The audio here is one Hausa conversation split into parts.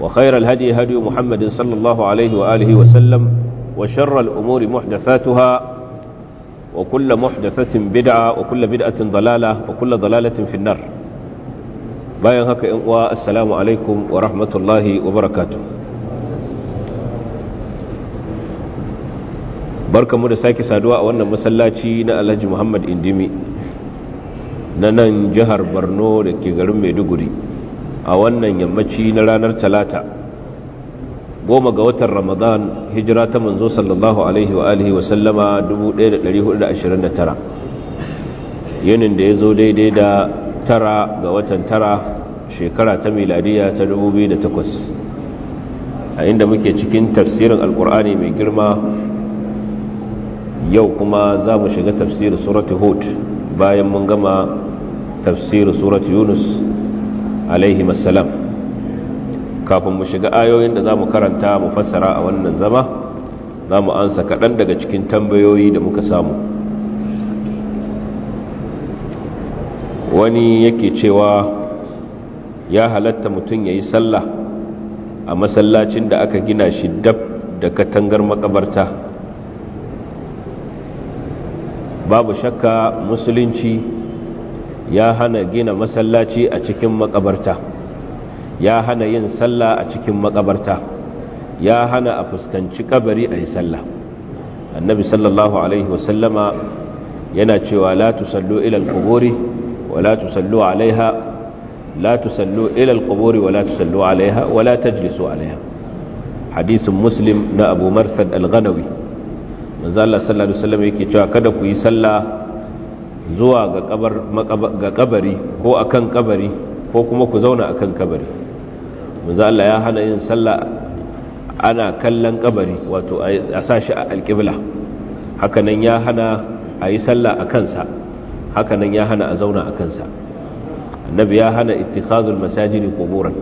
وخير الهدي هدي محمد صلى الله عليه وآله وسلم وشر الأمور محدثاتها وكل محدثة بدعة وكل بدعة ضلالة وكل ضلالة في النار bayan haka ‘yan uwa assalamu alaikum wa rahmatullahi wa barakatu barkamu da sake saduwa a wannan masallaci na alhaji muhammad indimi na nan jihar borno da ke garin maiduguri a wannan yammaci na ranar talata goma ga watan ramadan hijira ta manzo sallallahu alaihi wa alihi wa sallama 1429 yinin da ya zo daidai da tara ga watan tara shekara ta miladiya ta 2008 a inda muke cikin tafsirin alkur'ani mai girma yau kuma za mu shiga tafsirin surat hud bayan mun gama tafsirin surat yunus alaihi masalam kafin mu shiga ayoyin da za mu karanta mu fassara a wannan zama za mu ansa kaɗan daga cikin tambayoyi da muka samu wani yake cewa ya halatta mutum ya yi sallah a masallacin da aka gina shi dab da katangar makabarta babu shakka musulunci ya hana gina masallaci a cikin makabarta ya hana yin sallah a cikin makabarta ya hana a fuskanci kabari a yi sallah annabi sallallahu alaihi wasallama yana cewa la tusallu ila al wa la tusallu alaiha la tusallu ila al wa la tusallu alaiha wa la tajlisu alaiha hadisin muslim na abu marsad al-ghanawi manzo Allah sallallahu alaihi wasallam yake cewa kada ku yi sallah zuwa ga kabari ko akan kabari ko kuma ku zauna akan kabari manzo Allah ya hana yin sallah ana kallon kabari wato a shi a alƙibla hakanan ya hana a yi sallah a kansa hakanan ya hana a zauna a kansa annabi ya hana ittikhazul masajidi quburan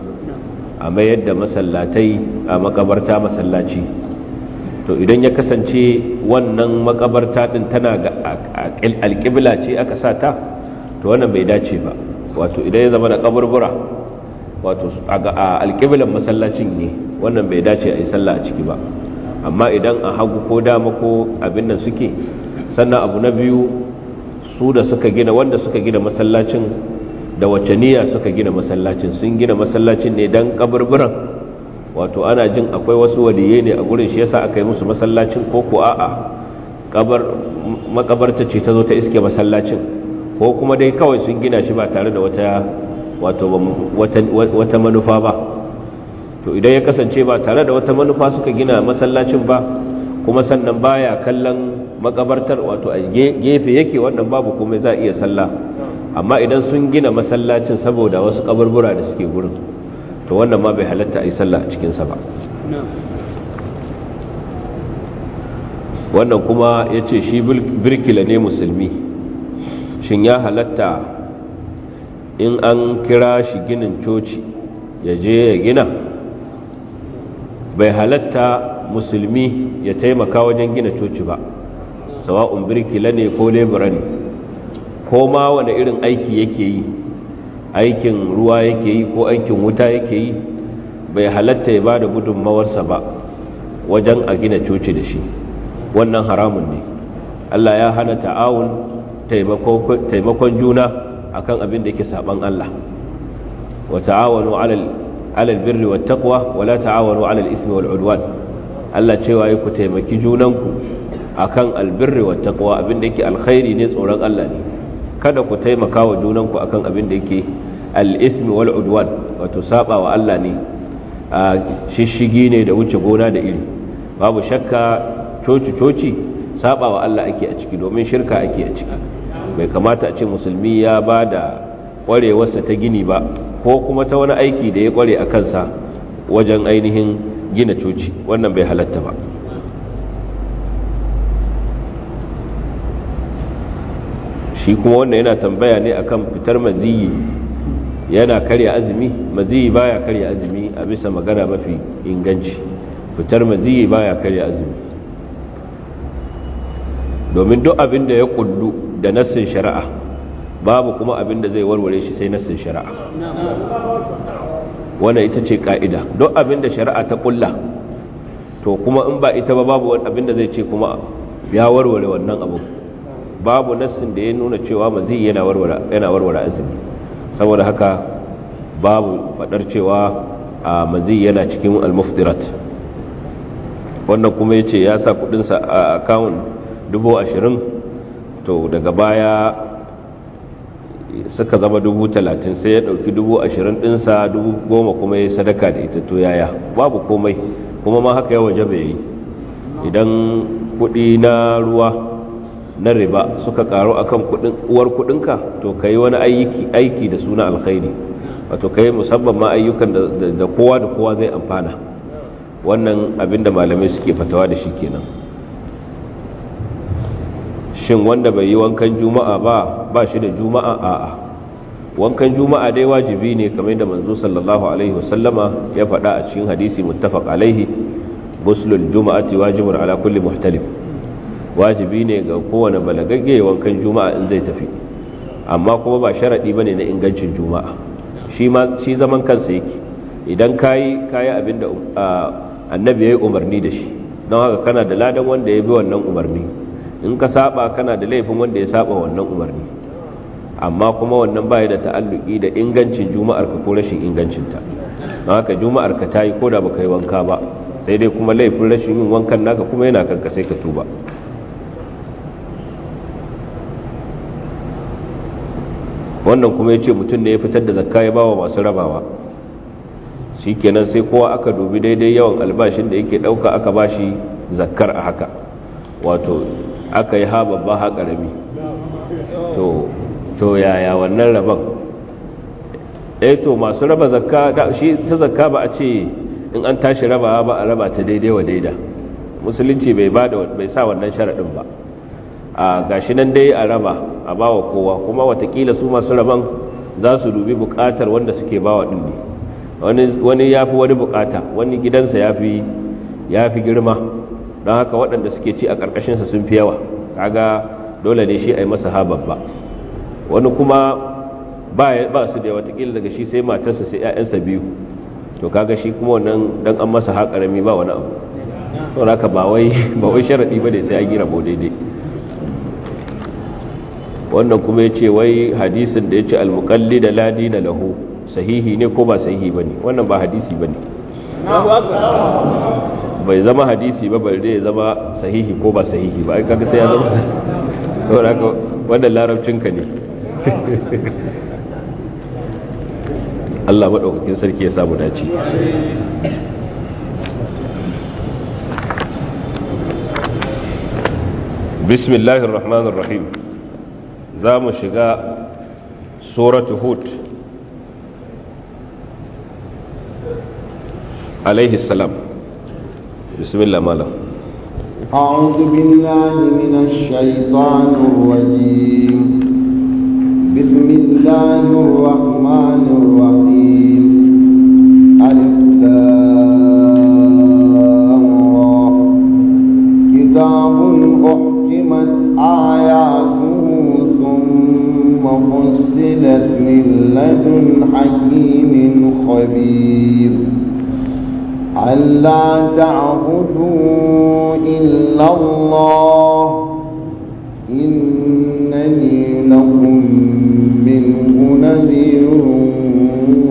a mayar da masallatai a makabarta masallaci to idan ya kasance wannan makabarta din tana ga alƙibla ce aka sa ta to wannan bai dace ba wato idan ya zama da kaburbura wato a alƙiblan masallacin ne wannan bai dace a yi sallah a ciki ba amma idan a hagu ko dama ko abin nan suke sannan abu na biyu su da suka gina wanda suka gina masallacin da wacce niyya suka gina masallacin sun gina masallacin ne don kaburburan wato ana jin akwai wasu waliye ne a gurin shi yasa aka yi musu masallacin ko ko a'a kabar makabarta ce ta zo ta iske masallacin ko kuma dai kawai sun gina shi ba tare da wata wato wata wata manufa ba to idan ya kasance ba tare da wata manufa suka gina masallacin ba kuma sannan baya kallon makabartar wato a gefe yake wannan babu komai za a iya sallah amma idan sun gina masallacin saboda wasu kaburbura da suke gurin to wannan ma bai halatta a yi sallah a cikinsa ba wannan kuma ya ce shi birkila ne musulmi shin ya halatta in an kira shi ginin coci ya je ya gina bai halatta musulmi ya taimaka wajen gina coci ba sawa'un birkila ne ko lebura ko ma wani irin aiki yake yi aikin ruwa yake yi ko aikin wuta yake yi bai halatta ya ba da gudunmawarsa ba wajen a gina coci da shi wannan haramun ne Allah ya hana ta'awun taimakon juna a kan abin da yake saban Allah wa ta'awanu alal birri wa taqwa wa la ta'awanu alal ismi wal udwan Allah cewa ku taimaki junanku akan albirri wa taqwa abin da yake alkhairi ne tsoron Allah ne kada ku taimaka wa junanku akan abin da yake al-ismi wal udwan wato saba wa Allah ne a shishigi ne da wuce gona da iri babu shakka coci coci saba wa Allah ake a ciki domin shirka ake a ciki bai kamata a ce musulmi ya ba da kwarewarsa ta gini ba ko kuma ta wani aiki da ya kware a kansa wajen ainihin gina coci wannan bai halatta ba shi kuma wannan yana tambaya ne akan fitar maziyi yana karya azumi maziyi baya karya azumi a bisa magana mafi inganci fitar maziyi baya karya azumi domin duk abin da ya kullu da nassin shari'a babu kuma abin da zai warware shi sai nassin shari'a wannan ita ce ka'ida duk abin da shari'a ta kulla to kuma in ba ita ba babu abin da zai ce kuma ya warware wannan abu babu nassin da ya nuna cewa mazi yana warware azumi saboda haka babu fadar cewa a mazi yana cikin almuftirat wannan kuma ya ce ya sa kudinsa a akawun dubu ashirin to daga baya suka zama dubu talatin sai ya ɗauki dubu ashirin ɗinsa goma kuma ya sadaka da ita to yaya babu komai kuma ma haka yawa jabe yi idan kuɗi na ruwa na riba suka karo akan kudin uwar kudinka to kai wani aiki aiki da suna alkhairi wato kai musamman ma ayyukan da kowa da kowa zai amfana wannan abinda malamai suke fatawa da shi kenan shin wanda bai yi wankan juma'a ba ba shi da juma'a a'a wankan juma'a dai wajibi ne kamar da manzo sallallahu alaihi wasallama ya faɗa a cikin hadisi muttafaq alaihi guslul juma'ati wajibun ala kulli muhtalim wajibi ne ga kowane balagagge wankan juma'a in zai tafi amma kuma ba sharaɗi ba ne na ingancin juma'a shi zaman kansa yake idan kayi kayi abin da annabi ya yi umarni da shi don haka kana da ladan wanda ya bi wannan umarni in ka saba kana da laifin wanda ya saba wannan umarni amma kuma wannan baya da ta'alluki da ingancin juma'ar ka ko rashin ingancinta don haka juma'ar ka ta yi ko da baka yi wanka ba sai dai kuma laifin rashin yin wankan naka kuma yana kanka sai ka tuba wannan kuma ya ce mutum ne ya fitar da zakka ya bawa masu rabawa shi kenan sai kowa aka dubi daidai yawan albashin da yake ɗauka aka ba shi zakkar a haka wato aka yi ha babba ha ƙarami to yaya wannan rabon eh to masu raba zakka shi ta zakka ba a ce in an tashi rabawa ba a raba ta daidai wa daida musulunci bai sa wannan sharaɗin ba a gashi nan dai a raba a bawa kowa kuma watakila su masu rabon za su dubi bukatar wanda suke bawa din ne wani ya fi wani bukata wani gidansa ya fi girma don haka waɗanda suke ci a ƙarƙashinsa sun fi yawa kaga dole ne shi a yi masa haban ba wani kuma ba su da watakila daga shi sai matarsa sai 'ya'yansa biyu to kaga shi kuma wannan dan an masa haƙarami ba wani abu saboda haka ba wai sharaɗi ba da sai a gira bo daidai wannan kuma ya ce wai hadisin da ya ce almukalli da ladi na lahu sahihi ne ko ba sahihi ba ne wannan ba hadisi ba ne bai zama hadisi ba bai ya zama sahihi ko ba sahihi ba kaga sai ya zama sauraka wannan larabcinka ne Allah maɗaukakin sarki ya samu dace bismillahirrahmanirrahim rahmanir rahim za mu shiga suratu hud alaihi salam bismillah malam أعوذ بالله من الشيطان الرجيم بسم الله الرحمن الرحيم فصلت من لدن حكيم خبير ألا تعبدوا إلا الله إنني لكم منه نذير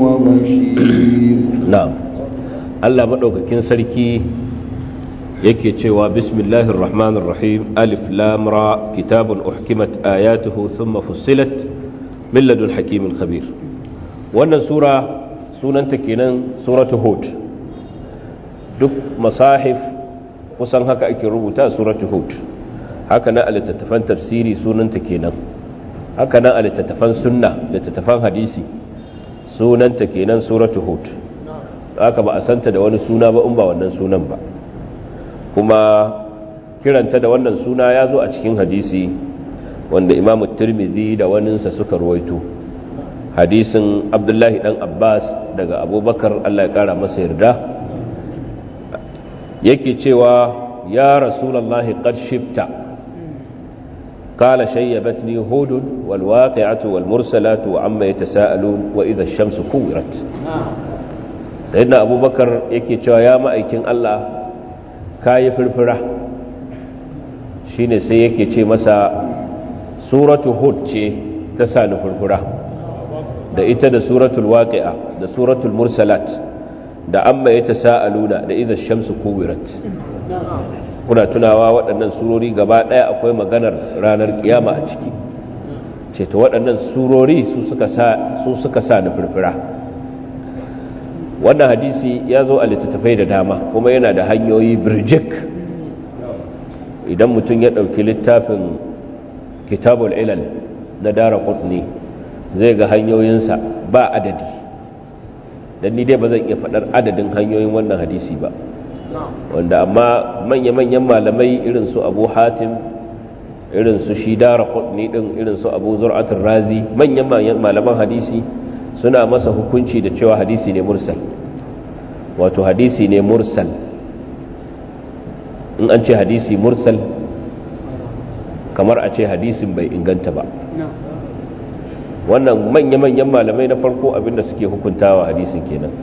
وبشير نعم الله مدوكاكين سركي yake cewa bismillahir rahmanir rahim alif lam ra kitabun uhkimat ayatuhu thumma fussilat min ladun hakimin khabir wannan sura sunanta kenan suratu hud duk masahif kusan haka ake rubuta suratu hud haka nan a tafsiri sunanta kenan haka nan a littattafan sunna littattafan hadisi sunanta kenan suratu hud haka ba a santa da wani suna ba in ba wannan sunan ba kuma kiranta da wannan suna ya zo a cikin hadisi wanda imamu Turmizi da waninsa suka ruwaito hadisin abdullahi dan abbas daga abubakar allah ya kara masa yarda yake cewa ya rasulallahi qad shibta قال شيبتني هود والواقعة والمرسلات وعما يتساءلون وإذا الشمس كورت سيدنا أبو بكر يكي يا مأيكين الله kayi firfira ne sai yake ce masa suratu hud ce ta sani firfira da ita da suratul waƙi'a da suratul mursalat da amma ya luna da iza shamsu kuwirat kuna tunawa waɗannan surori gaba ɗaya akwai maganar ranar kiyama a ciki ce ta waɗannan surori su suka sa ni firfira wannan hadisi ya zo a littattafai da dama kuma yana da hanyoyi birjik idan mutum ya ɗauki littafin kitabul ilal na dara kutni zai ga hanyoyinsa ba adadi don ni dai ba zan iya faɗar adadin hanyoyin wannan hadisi ba wanda amma manya-manyan malamai irin su abu hatim irin su shi dara kutni din irin su abu zur'atun razi manya-manyan malaman hadisi suna masa hukunci da cewa hadisi ne mursal wato hadisi ne mursal in an ce hadisi mursal kamar a ce hadisin bai inganta ba wannan manya-manyan malamai na farko abinda suke hukuntawa hadisin kenan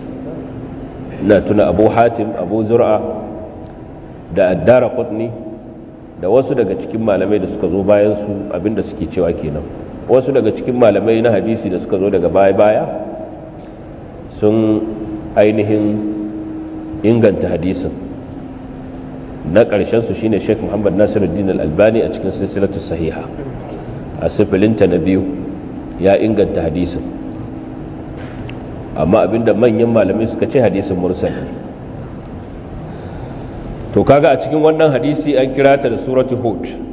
na tuna abu hatim abu zura da addara kudni da wasu daga cikin malamai da suka zo bayansu abinda suke cewa kenan wasu daga cikin malamai na hadisi da suka zo daga baya-baya sun ainihin inganta hadisin na ƙarshensu shi ne sheik muhammad nasiruddin albani a cikin silsilatu sahiha a sifilinta na biyu ya inganta hadisin amma abinda manyan malamai suka ce hadisin mursal to kaga a cikin wannan hadisi an kira ta da suratu hud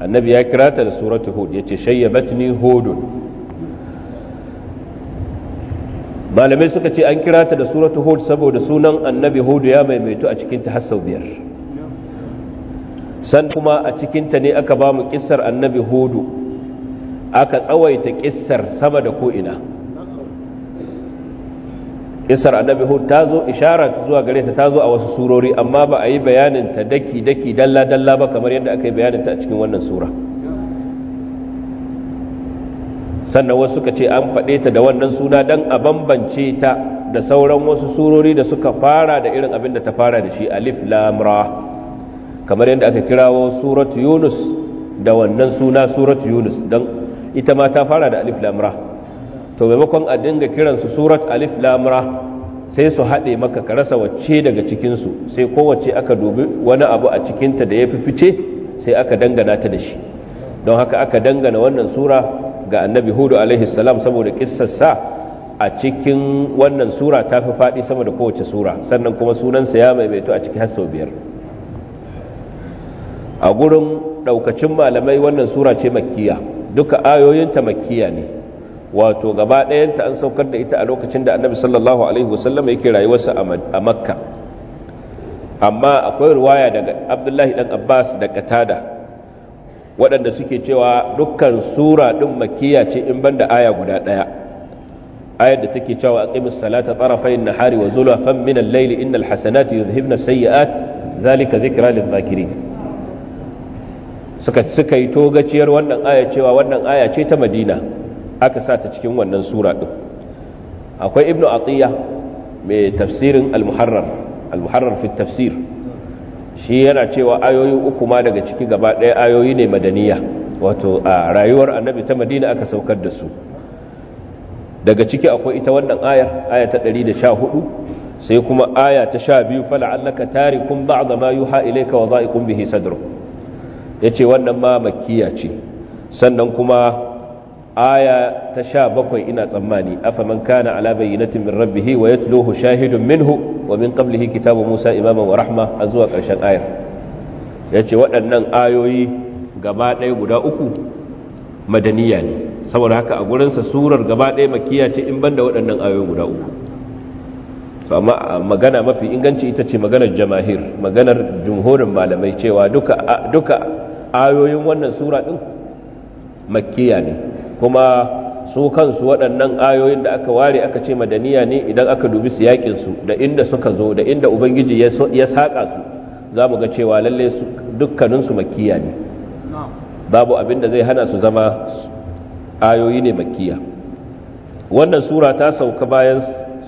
annabi ya kira ta da suratu hud yace shayyabatni hudun malamai suka ce an kira ta da suratu hud saboda sunan annabi hudu ya maimaitu a cikin ta biyar san kuma a cikin ta ne aka ba mu kissar annabi hudu aka tsawaita kissar sama da ko ina kisar annabi hud ta zo ishara zuwa gare ta ta zo a wasu surori amma ba a yi bayanin ta daki daki dalla dalla ba kamar yadda aka yi bayanin ta a cikin wannan sura sannan wasu suka ce an faɗe ta da wannan suna dan a bambance ta da sauran wasu surori da suka fara da irin abin da ta fara da shi alif lam kamar yadda aka kirawo suratu yunus da wannan suna suratu yunus dan ita ma ta fara da alif lam to maimakon a dinga kiransu surat alif lamra sai su haɗe maka ka rasa wacce daga cikinsu sai kowace aka dubi wani abu a cikinta da ya fi fice sai aka dangana ta da shi don haka aka dangana wannan sura ga annabi hudu alaihi salam saboda kissarsa a cikin wannan sura ta fi faɗi sama da kowace sura sannan kuma sunansa ya maimaito a ciki har sau biyar a gurin ɗaukacin malamai wannan sura ce makkiya duka ayoyinta makkiya ne wato gaba ɗayanta an saukar da ita a lokacin da annabi sallallahu alaihi wasallam yake rayuwarsa a makka amma akwai ruwaya daga abdullahi dan abbas da katada waɗanda suke cewa dukkan sura ɗin makiya ce in banda aya guda ɗaya ayar da take cewa aqimus salata na hari wa zulafan min al-layli innal hasanati yudhhibna sayyi'at zalika dhikra lidh-dhakirin suka suka yi togaciyar wannan aya cewa wannan aya ce ta madina aka sa ta cikin wannan sura ɗin akwai ibnu atiyya mai tafsirin al-muharrar al-muharrar fi tafsir shi yana cewa ayoyi uku ma daga ciki gaba ɗaya ayoyi ne madaniya wato a rayuwar annabi ta madina aka saukar da su daga ciki akwai ita wannan ayar aya ta 114 sai kuma aya ta 12 fala'allaka tarikum ba'da ma yuha ilayka wa za'iqum bihi sadruk yace wannan ma makkiya ce sannan kuma aya ta sha bakwai ina tsammani afa man kana ala bayyinatin min rabbih wa yatluhu shahidun minhu wa min qablihi kitabu Musa imaman wa rahma a zuwa ƙarshen ayar yace waɗannan ayoyi gaba ɗaya guda uku madaniya ne saboda haka a gurinsa surar gaba ɗaya makiya ce in banda waɗannan ayoyi guda uku to amma magana mafi inganci ita ce maganar jamahir maganar jumhurin malamai cewa duka duka ayoyin wannan sura din makiya ne kuma su kansu waɗannan ayoyin da aka ware aka ce madaniya ne idan aka dubi siyakinsu da inda suka zo da inda ubangiji ya saƙa su za mu ga cewa lalle dukkaninsu makiya ne babu abin da zai hana su zama ayoyi ne makiya wannan sura ta sauka bayan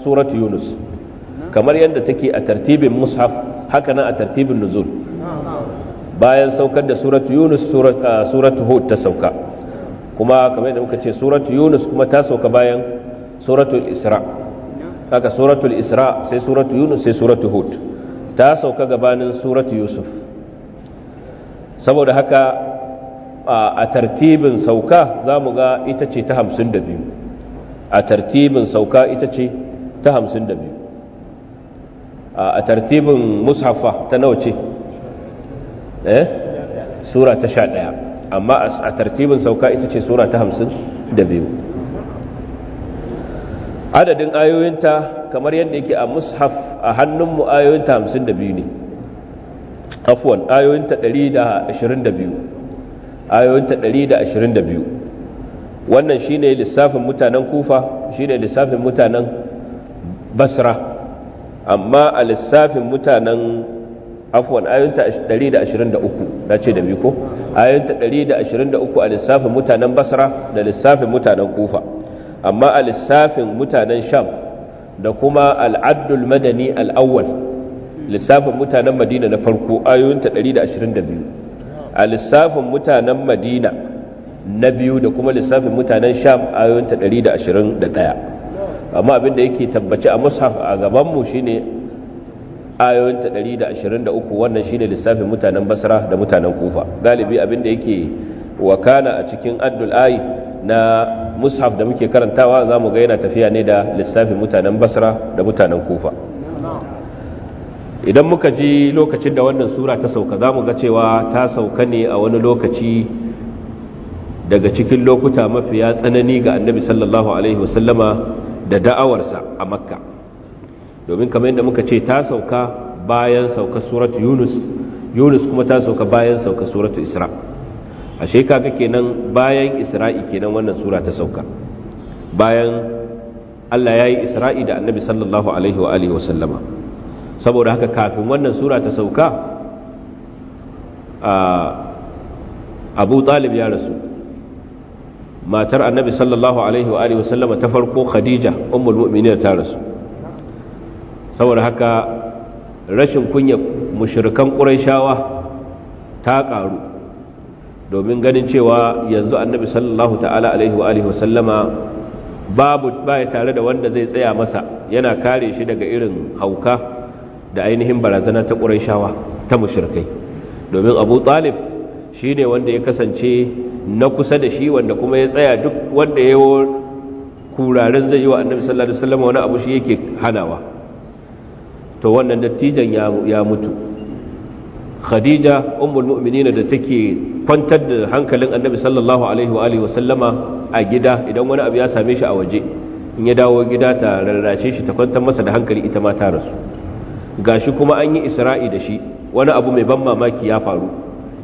surat yunus kamar yadda take a tartibin mushaf haka nan a tartibin nuzul bayan saukar da suratu yunus surat ah, hud ta sauka kuma kamar yadda muka ce suratu yunus kuma ta sauka bayan suratul isra haka suratul isra sai suratu yunus sai suratu hud ta sauka gabanin suratu yusuf saboda haka a tartibin sauka za mu ga ita ce ta hamsin da biyu a tartibin sauka ita ce ta hamsin da biyu a tartibin mushafa ta nawa ce eh sura ta sha ɗaya amma a tartibin sauka ita ce sura ta hamsin da biyu adadin ayoyinta kamar yadda yake a mushaf a hannunmu ayoyinta hamsin da biyu ne afuwan ayoyinta ɗari da ashirin da biyu ayoyinta ɗari da ashirin da biyu wannan shi ne lissafin mutanen kufa shi ne lissafin mutanen basra amma a lissafin mutanen afuwan ayoyinta da ashirin da na ce da biyu ko ayyanta 123 a lissafin mutanen basra da lissafin mutanen kufa amma a lissafin mutanen sham da kuma al'addul madani al'awwal lissafin mutanen madina na farko ayyanta 122 a lissafin mutanen madina na biyu da kuma lissafin mutanen sham ayyanta 121 amma abinda yake tabbaci a mushaf a gabanmu shine ayoyinta 123 wannan shine lissafin mutanen basra da mutanen kufa galibi abin abinda yake wakana a cikin addul ayi na mushaf da muke karantawa za mu ga yana tafiya ne da lissafin mutanen basra da mutanen kufa idan muka ji lokacin da wannan sura ta sauka za mu ga cewa ta sauka ne a wani lokaci daga cikin lokuta mafiya tsanani ga annabi sallallahu alaihi wasallama da da'awarsa a makka domin kamar yadda muka ce ta sauka bayan sauka suratu yunus yunus kuma ta sauka bayan sauka suratu isra ashe kaga kenan bayan isra'i kenan wannan sura ta sauka bayan Allah ya yi isra'i da annabi sallallahu alaihi wa alihi wasallama saboda haka kafin wannan sura ta sauka abu talib ya rasu matar annabi sallallahu alaihi wa alihi wasallama ta farko khadija ummul mu'miniyar ta rasu saboda haka rashin kunya mushirkan shawa ta ƙaru domin ganin cewa yanzu annabi sallallahu ta'ala alaihi wa alihi wasallama babu baya tare da wanda zai tsaya masa yana kare shi daga irin hauka da ainihin barazana ta shawa ta mushirkai domin abu talib ne wanda ya kasance na kusa da shi wanda kuma ya tsaya duk wanda ya yi kuraren zai yi wa annabi sallallahu alaihi wani abu shi yake hanawa to wannan dattijan ya mutu khadija ummul mu'minin da take kwantar da hankalin annabi sallallahu alaihi wa alihi a gida idan wani abu ya same shi a waje in ya dawo gida ta rarrace shi ta kwantar masa da hankali ita ma ta rasu gashi kuma an yi isra'i da shi wani abu mai ban mamaki ya faru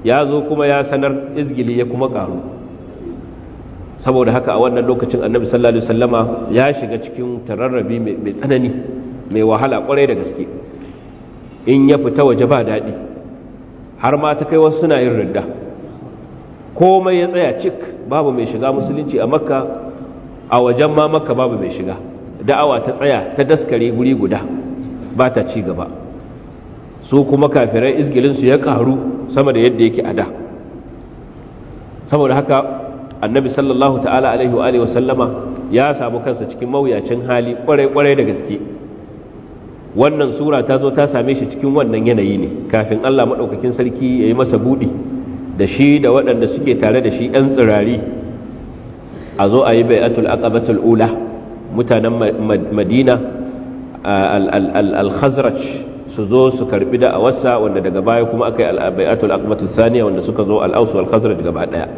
ya zo kuma ya sanar izgili ya kuma karu saboda haka a wannan lokacin annabi sallallahu alaihi wasallama ya shiga cikin tararrabi mai tsanani mai wahala kwarai da gaske in ya fita waje ba daɗi har ma ta kai wasu suna yin ridda komai ya tsaya cik babu mai shiga musulunci a makka a wajen ma makka babu mai shiga da'awa ta tsaya ta daskare guri guda ba ta ci gaba su kuma kafirai izgilinsu ya karu sama da yadda yake a da saboda haka annabi sallallahu ta'ala alaihi wa sallama ya samu kansa cikin mawuyacin hali kwarai-kwarai da gaske wannan sura ta zo ta same shi cikin wannan yanayi ne kafin Allah maɗaukakin sarki ya yi masa buɗi da shi da waɗanda suke tare da shi 'yan tsirari a zo a yi bai'atul aqabatul ula mutanen madina al-khazraj su zo su karbi da awasa wanda daga baya kuma aka yi bai'atul aqabatul thaniya wanda suka zo al-ausu al-khazraj gaba ɗaya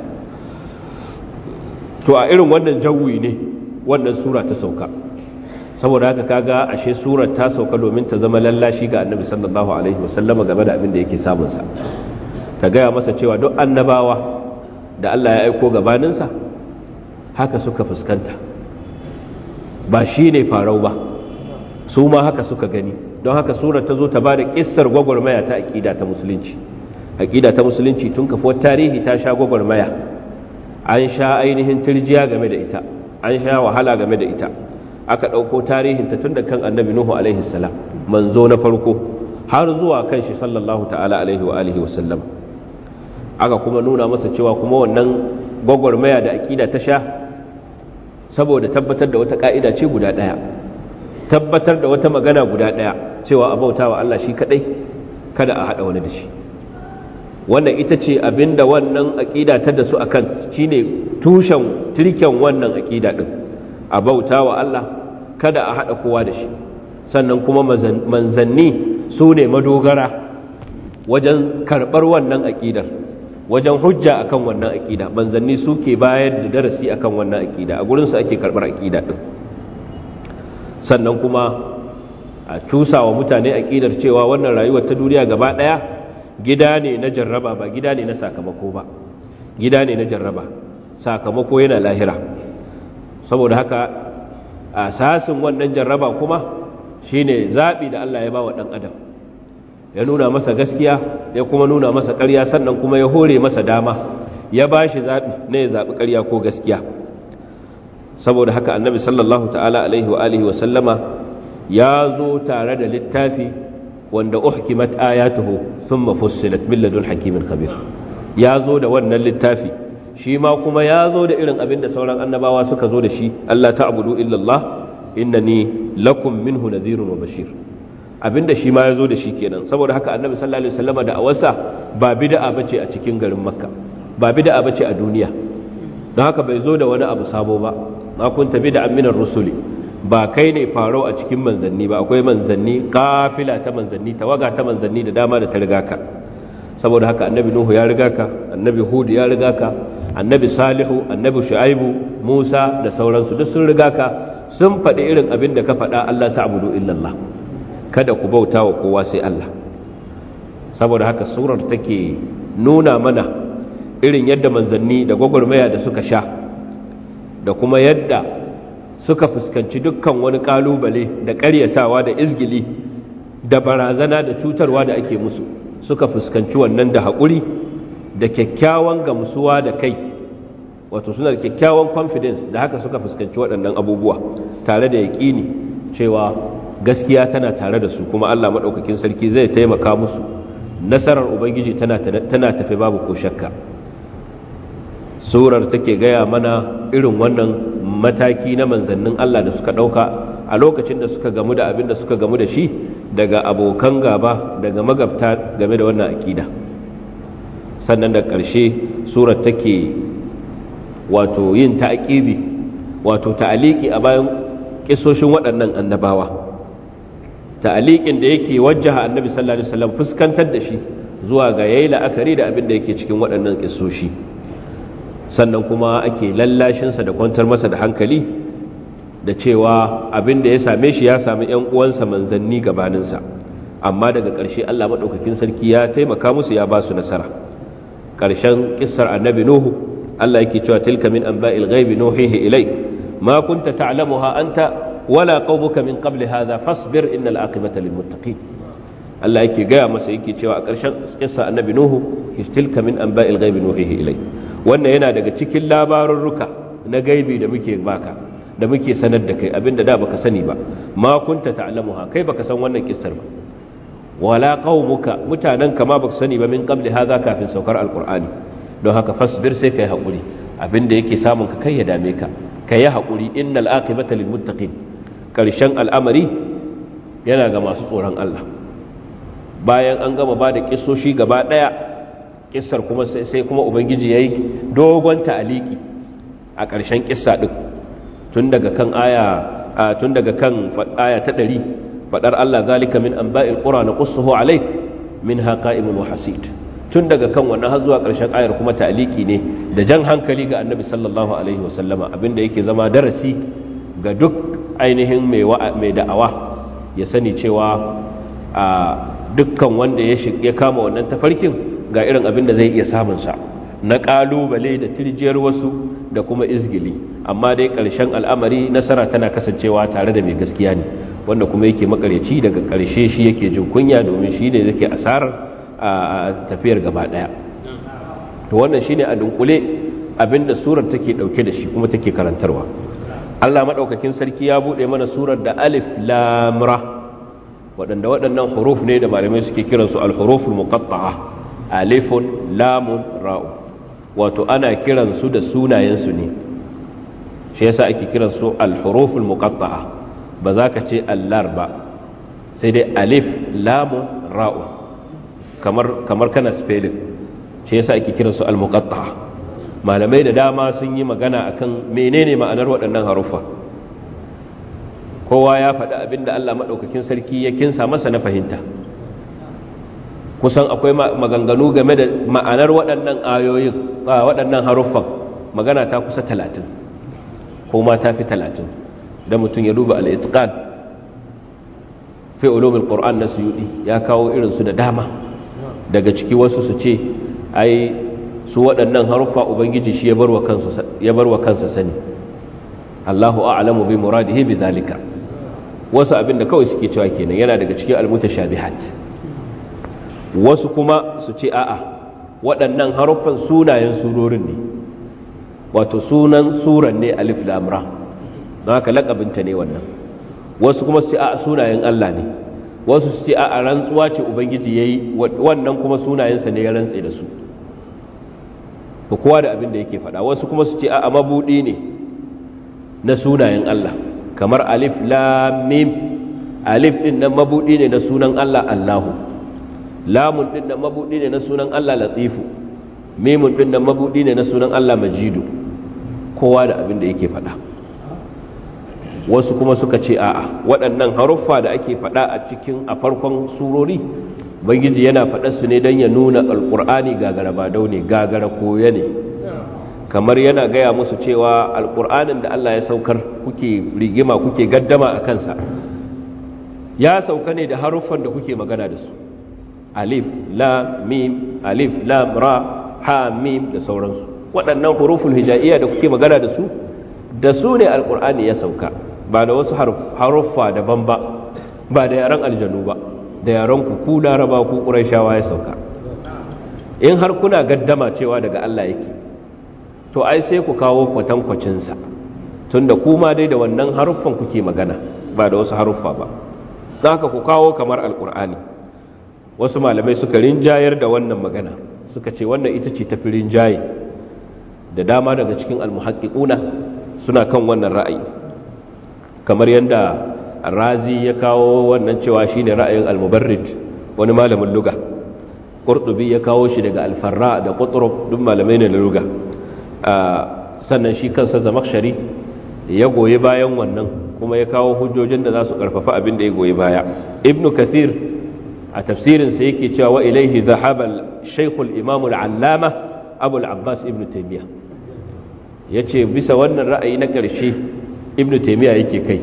to a irin wannan jawi ne wannan sura ta sauka saboda haka kaga ashe surar ta sauka domin ta zama lallashi ga annabi sallallahu alaihi wasallama game da abin da yake samunsa ta gaya masa cewa duk annabawa da Allah ya aiko gabaninsa haka suka fuskanta ba shi ne farau ba su ma haka suka gani don haka surar ta zo ta ba da ƙissar gwagwarmaya ta aƙida ta musulunci aƙida ta musulunci tun kafuwar tarihi ta sha gwagwarmaya an sha ainihin turjiya game da ita an sha wahala game da ita aka ɗauko tarihin ta tun da kan annabi nuhu alaihi salam manzo na farko har zuwa kan shi sallallahu ta'ala alaihi wa alihi wasallam aka kuma nuna masa cewa kuma wannan gwagwarmaya da aƙida ta sha saboda tabbatar da wata ƙa'ida ce guda ɗaya tabbatar da wata magana guda ɗaya cewa a bauta wa Allah shi kaɗai kada a haɗa wani da shi wannan ita ce abinda wannan aƙida ta da su akan shine tushen tirken wannan aƙida ɗin a bauta wa Allah kada a haɗa kowa da shi sannan kuma manzanni su ne madogara wajen karɓar wannan aƙidar wajen hujja akan wannan aƙida manzanni su ke bayar da darasi akan wannan aƙida a gurinsu ake karɓar aƙida ɗin sannan kuma a cusa wa mutane aƙidar cewa wannan rayuwar ta duniya gaba ɗaya gida ne na jarraba ba gida ne na sakamako ba gida ne na jarraba sakamako yana lahira saboda haka asasin wannan jarraba kuma shine zaɓi da Allah ya ba wa ɗan adam ya nuna masa gaskiya ya kuma nuna masa ƙarya sannan kuma ya hore masa dama ya bashi zaɓi na ya zaɓi ƙarya ko gaskiya saboda haka annabi sallallahu ta'ala alaihi wa alihi ya zo tare da littafi wanda uhkimat ayatuhu thumma fussilat min ladun hakimin khabir ya zo da wannan littafi shi ma kuma ya zo da irin abin da sauran annabawa suka zo da shi Allah ta abudu illallah ni lakum minhu nadhirun wa bashir abinda shi ma ya zo da shi kenan saboda haka annabi sallallahu alaihi wasallama da awasa ba bid'a bace a cikin garin makka ba bid'a bace a duniya don haka bai zo da wani abu sabo ba ma kunta da minar rusuli ba kai ne faro a cikin manzanni ba akwai manzanni kafila ta manzanni tawaga ta manzanni da dama da ta riga saboda haka annabi nuhu ya rigaka, annabi hud ya riga ka annabi salihu annabi shu'aibu musa da sauransu duk sun riga ka sun faɗi irin abin da ka faɗa allah ta'budu illallah kada ku bauta wa kowa sai allah saboda haka surar take nuna mana irin yadda manzanni da gwagwarmaya da suka sha da kuma yadda suka fuskanci dukkan wani kalubale da ƙaryatawa da izgili da barazana da cutarwa da ake musu suka fuskanci wannan da haƙuri da kyakkyawan gamsuwa da kai wato suna da kyakkyawan confidence da haka suka fuskanci waɗannan abubuwa tare da yaƙini cewa gaskiya tana tare da su kuma Allah maɗaukakin sarki zai taimaka musu nasarar ubangiji tana tafi babu ko shakka surar take gaya mana irin wannan mataki na manzannin Allah da suka ɗauka a lokacin da suka gamu da abin da suka gamu da shi daga abokan gaba daga magabta game da wannan aƙida sannan da ƙarshe surar take wato yin ta'kidi wato ta'aliki a bayan kisoshin waɗannan annabawa ta'alikin da yake wajjaha annabi sallallahu alaihi wasallam fuskantar da shi zuwa ga yayi la'akari da abin da yake cikin waɗannan kisoshi sannan kuma ake lallashinsa da kwantar masa da hankali da cewa abin da ya same shi ya sami 'yan uwansa manzanni gabaninsa amma daga ƙarshe Allah maɗaukakin sarki ya taimaka musu ya ba su nasara ƙarshen kissar annabi nuhu Allah yake cewa tilka min anba'il ghaibi nuhihi ilai ma kunta ta'lamuha anta wala qaumuka min qabli hadha fasbir innal aqibata lil muttaqin Allah yake gaya masa yake cewa a ƙarshen kissa annabi nuhu tilka min anba'il ghaibi nuhihi ilai wannan yana daga cikin labarun ruka na gaibi da muke baka da muke sanar da kai abinda da baka sani ba ma kunta ta'lamuha kai baka san wannan kissar ba wala qaumuka mutanen kama baka sani ba min qabli hadha kafin saukar alqur'ani don haka fasbir sai yi haƙuri abinda yake samun ka kai ya dame ka yi haƙuri innal aqibata lil muttaqin karshen al'amari yana ga masu tsoron Allah bayan an gama ba da kissoshi gaba daya kissar kuma sai kuma ubangiji yayi dogon ta'aliki a karshen kissa din tun daga kan aya tun daga kan aya ta 100 fadar Allah zalika min anba'il qura naqussuhu alayk minha qa'imun wa hasid tun daga kan wannan har zuwa ƙarshen ayar kuma ta'aliki ne da jan hankali ga annabi sallallahu alaihi wasallama abinda yake zama darasi ga duk ainihin mai da'awa ya sani cewa a dukkan wanda ya kama wannan tafarkin ga irin abin da zai iya samunsa na ƙalubale da tirjiyar wasu da kuma izgili amma dai ƙarshen al'amari nasara tana kasancewa tare da mai gaskiya ne wanda kuma yake makarici daga ƙarshe shi yake jin kunya domin shi ne yake asarar a tafiyar gaba daya to wannan shine a dunkule abinda surar take dauke da shi kuma take karantarwa Allah madaukakin sarki ya bude mana surar da alif lam ra waɗanda waɗannan huruf ne da malamai suke kiransu al-huruful muqatta'a alifun lamun ra'u wato ana kiransu da sunayensu ne shi yasa ake kiransu al-huruful muqatta'a ba za ka ce allar ba sai dai alif lamun ra'u kamar kana spelling shi yasa ake kiran su al-muqatta malamai da dama sun yi magana akan menene ma'anar waɗannan harufa kowa ya faɗi abinda Allah maɗaukakin sarki ya kinsa masa na fahimta kusan akwai maganganu game da ma'anar waɗannan ayoyin waɗannan haruffan magana ta kusa talatin ko ma ta fi talatin da mutum ya duba al'itikan fi ulumin ƙor'an na suyuɗi ya kawo irinsu da dama daga ciki wasu su ce ai su waɗannan haruffa ubangiji shi ya bar wa kansa sani Allahu a'alamu bi muradihi bi zalika wasu abin da kawai suke cewa kenan yana daga cikin almutashabihat wasu kuma su ce a'a waɗannan haruffan sunayen surorin ne wato sunan suran ne alif lamra Na don haka laƙabinta ne wannan wasu kuma su ce a'a sunayen Allah ne wasu su ce a rantsuwa ce ubangiji ya yi wannan kuma sunayensa ne ya rantse da su to kowa da abin da yake faɗa wasu kuma su ce a mabuɗi ne na sunayen Allah kamar alif lamim alif ɗin nan mabuɗi ne na sunan Allah Allahu lamun ɗin nan mabuɗi ne na sunan Allah latifu mimun ɗin nan mabuɗi ne na sunan Allah majidu kowa da abin da yake faɗa wasu kuma suka ce a'a waɗannan haruffa da ake faɗa a cikin a farkon surori bangiji yana faɗar su ne don ya nuna alƙur'ani gagara ba daune gagara koya ne kamar yana gaya musu cewa alƙur'anin da Allah ya saukar kuke rigima kuke gaddama a kansa ya sauka ne da haruffan da kuke magana da su alif la mim alif la ra ha mim da sauransu waɗannan huruful hija'iyya da kuke magana da su da su ne alƙur'ani ya sauka ba da wasu haruffa daban ba ba da yaren aljanu ba da yaren ku ku laraba ku ƙurashawa ya sauka in har kuna gaddama cewa daga Allah yake to ai sai ku kawo kwatankwacinsa tunda kuma dai da wannan haruffan kuke magana ba da wasu haruffa ba don haka ku kawo kamar alkur'ani wasu malamai suka rinjayar da wannan magana suka ce wannan ita ce tafi rinjaye da dama daga cikin almuhaƙiƙuna suna kan wannan ra'ayi kamar yadda razi ya kawo wannan cewa shi ne ra'ayin almubarrid wani malamin luga ƙurɗubi ya kawo shi daga alfarra da ƙuturub duk malamai ne na luga ah, sannan shi kansa shari ya goyi bayan wannan kuma ya kawo hujjojin da za su ƙarfafa abin da ya goyi baya ibnu kathir a tafsirinsa yake cewa wa ilaihi zahabal shaikhul imamul allama abul abbas ibnu taimiyya ya ce bisa wannan ra'ayi na ƙarshe ibnu taymiya yake kai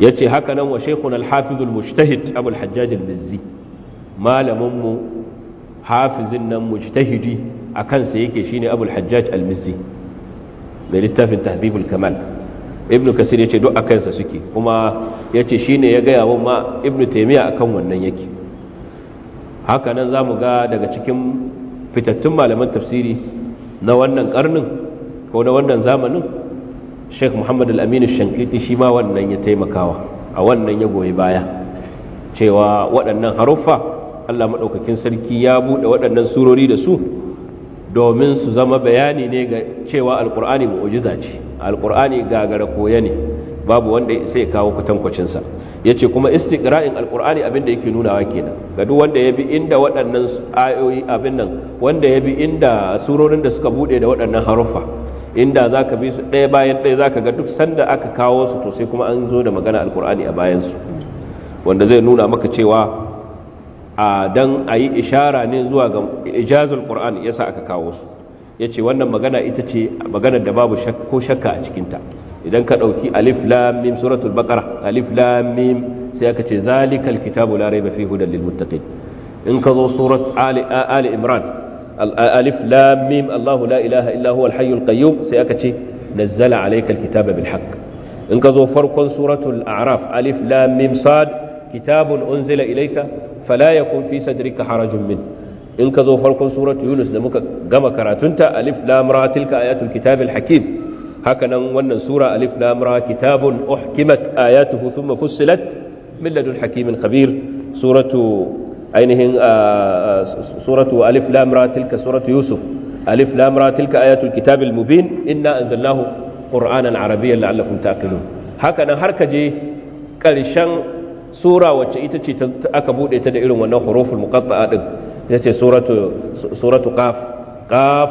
yace haka nan wa shaykhuna al-hafiz al-mujtahid abu al-hajjaj al-mizzi malamin mu hafizin nan mujtahidi a kansa yake shine abu al-hajjaj al-mizzi mai littafin tahbibul kamal ibnu kasir yace duk akan sa suke kuma yace shine ya gaya wa ma ibnu taymiya akan wannan yake haka nan zamu ga daga cikin fitattun malaman tafsiri na wannan karnin ko na wannan zamanin sheikh muhammad al-aminu shankiti shi ma wannan ya taimakawa a wannan ya goyi baya cewa waɗannan haruffa allah maɗaukakin sarki ya buɗe waɗannan surori da su domin su zama bayani ne ga cewa alƙur'ani mu'ujiza ce alƙur'ani gagara koya ne babu wanda sai ya kawo kutankwacinsa. ya ce kuma istiƙra'in alƙur'ani abinda yake nunawa kenan ga duk wanda ya bi inda waɗannan ayoyi abin nan wanda ya bi inda surorin da suka buɗe da waɗannan haruffa inda za ka bi su ɗaya bayan ɗaya za ka ga duk sanda aka kawo su to sai kuma an zo da magana alkur'ani a bayansu wanda zai nuna maka cewa a dan a yi ishara ne zuwa ga ijazul qur'ani yasa aka kawo su yace wannan magana ita ce maganar da babu ko shakka a cikinta idan ka ɗauki alif lam mim suratul baqara alif lam mim sai aka ce zalikal kitabu la raiba fihi hudan lil muttaqin in ka zo surat ali imran الألف لام ميم الله لا إله إلا هو الحي القيوم سيأكتي نزل عليك الكتاب بالحق انقذوا فرق سورة الأعراف ألف لام ميم صاد كتاب أنزل إليك فلا يكون في صدرك حرج منه انقذوا فرق سورة يونس دمك قم كراتنت ألف لام را تلك آيات الكتاب الحكيم هكذا ون سورة ألف لام را كتاب أحكمت آياته ثم فصلت من لدن حكيم خبير سورة ainihin ah, ah, suratu alif lam tilka suratu yusuf alif lam tilka ayatul kitabil mubin inna anzalnahu qur'anan arabiyyan la'allakum taqilun haka nan har kaje je karshen sura wacce ita ce aka bude ta da irin wannan huruful muqatta'a din yace suratu suratu qaf qaf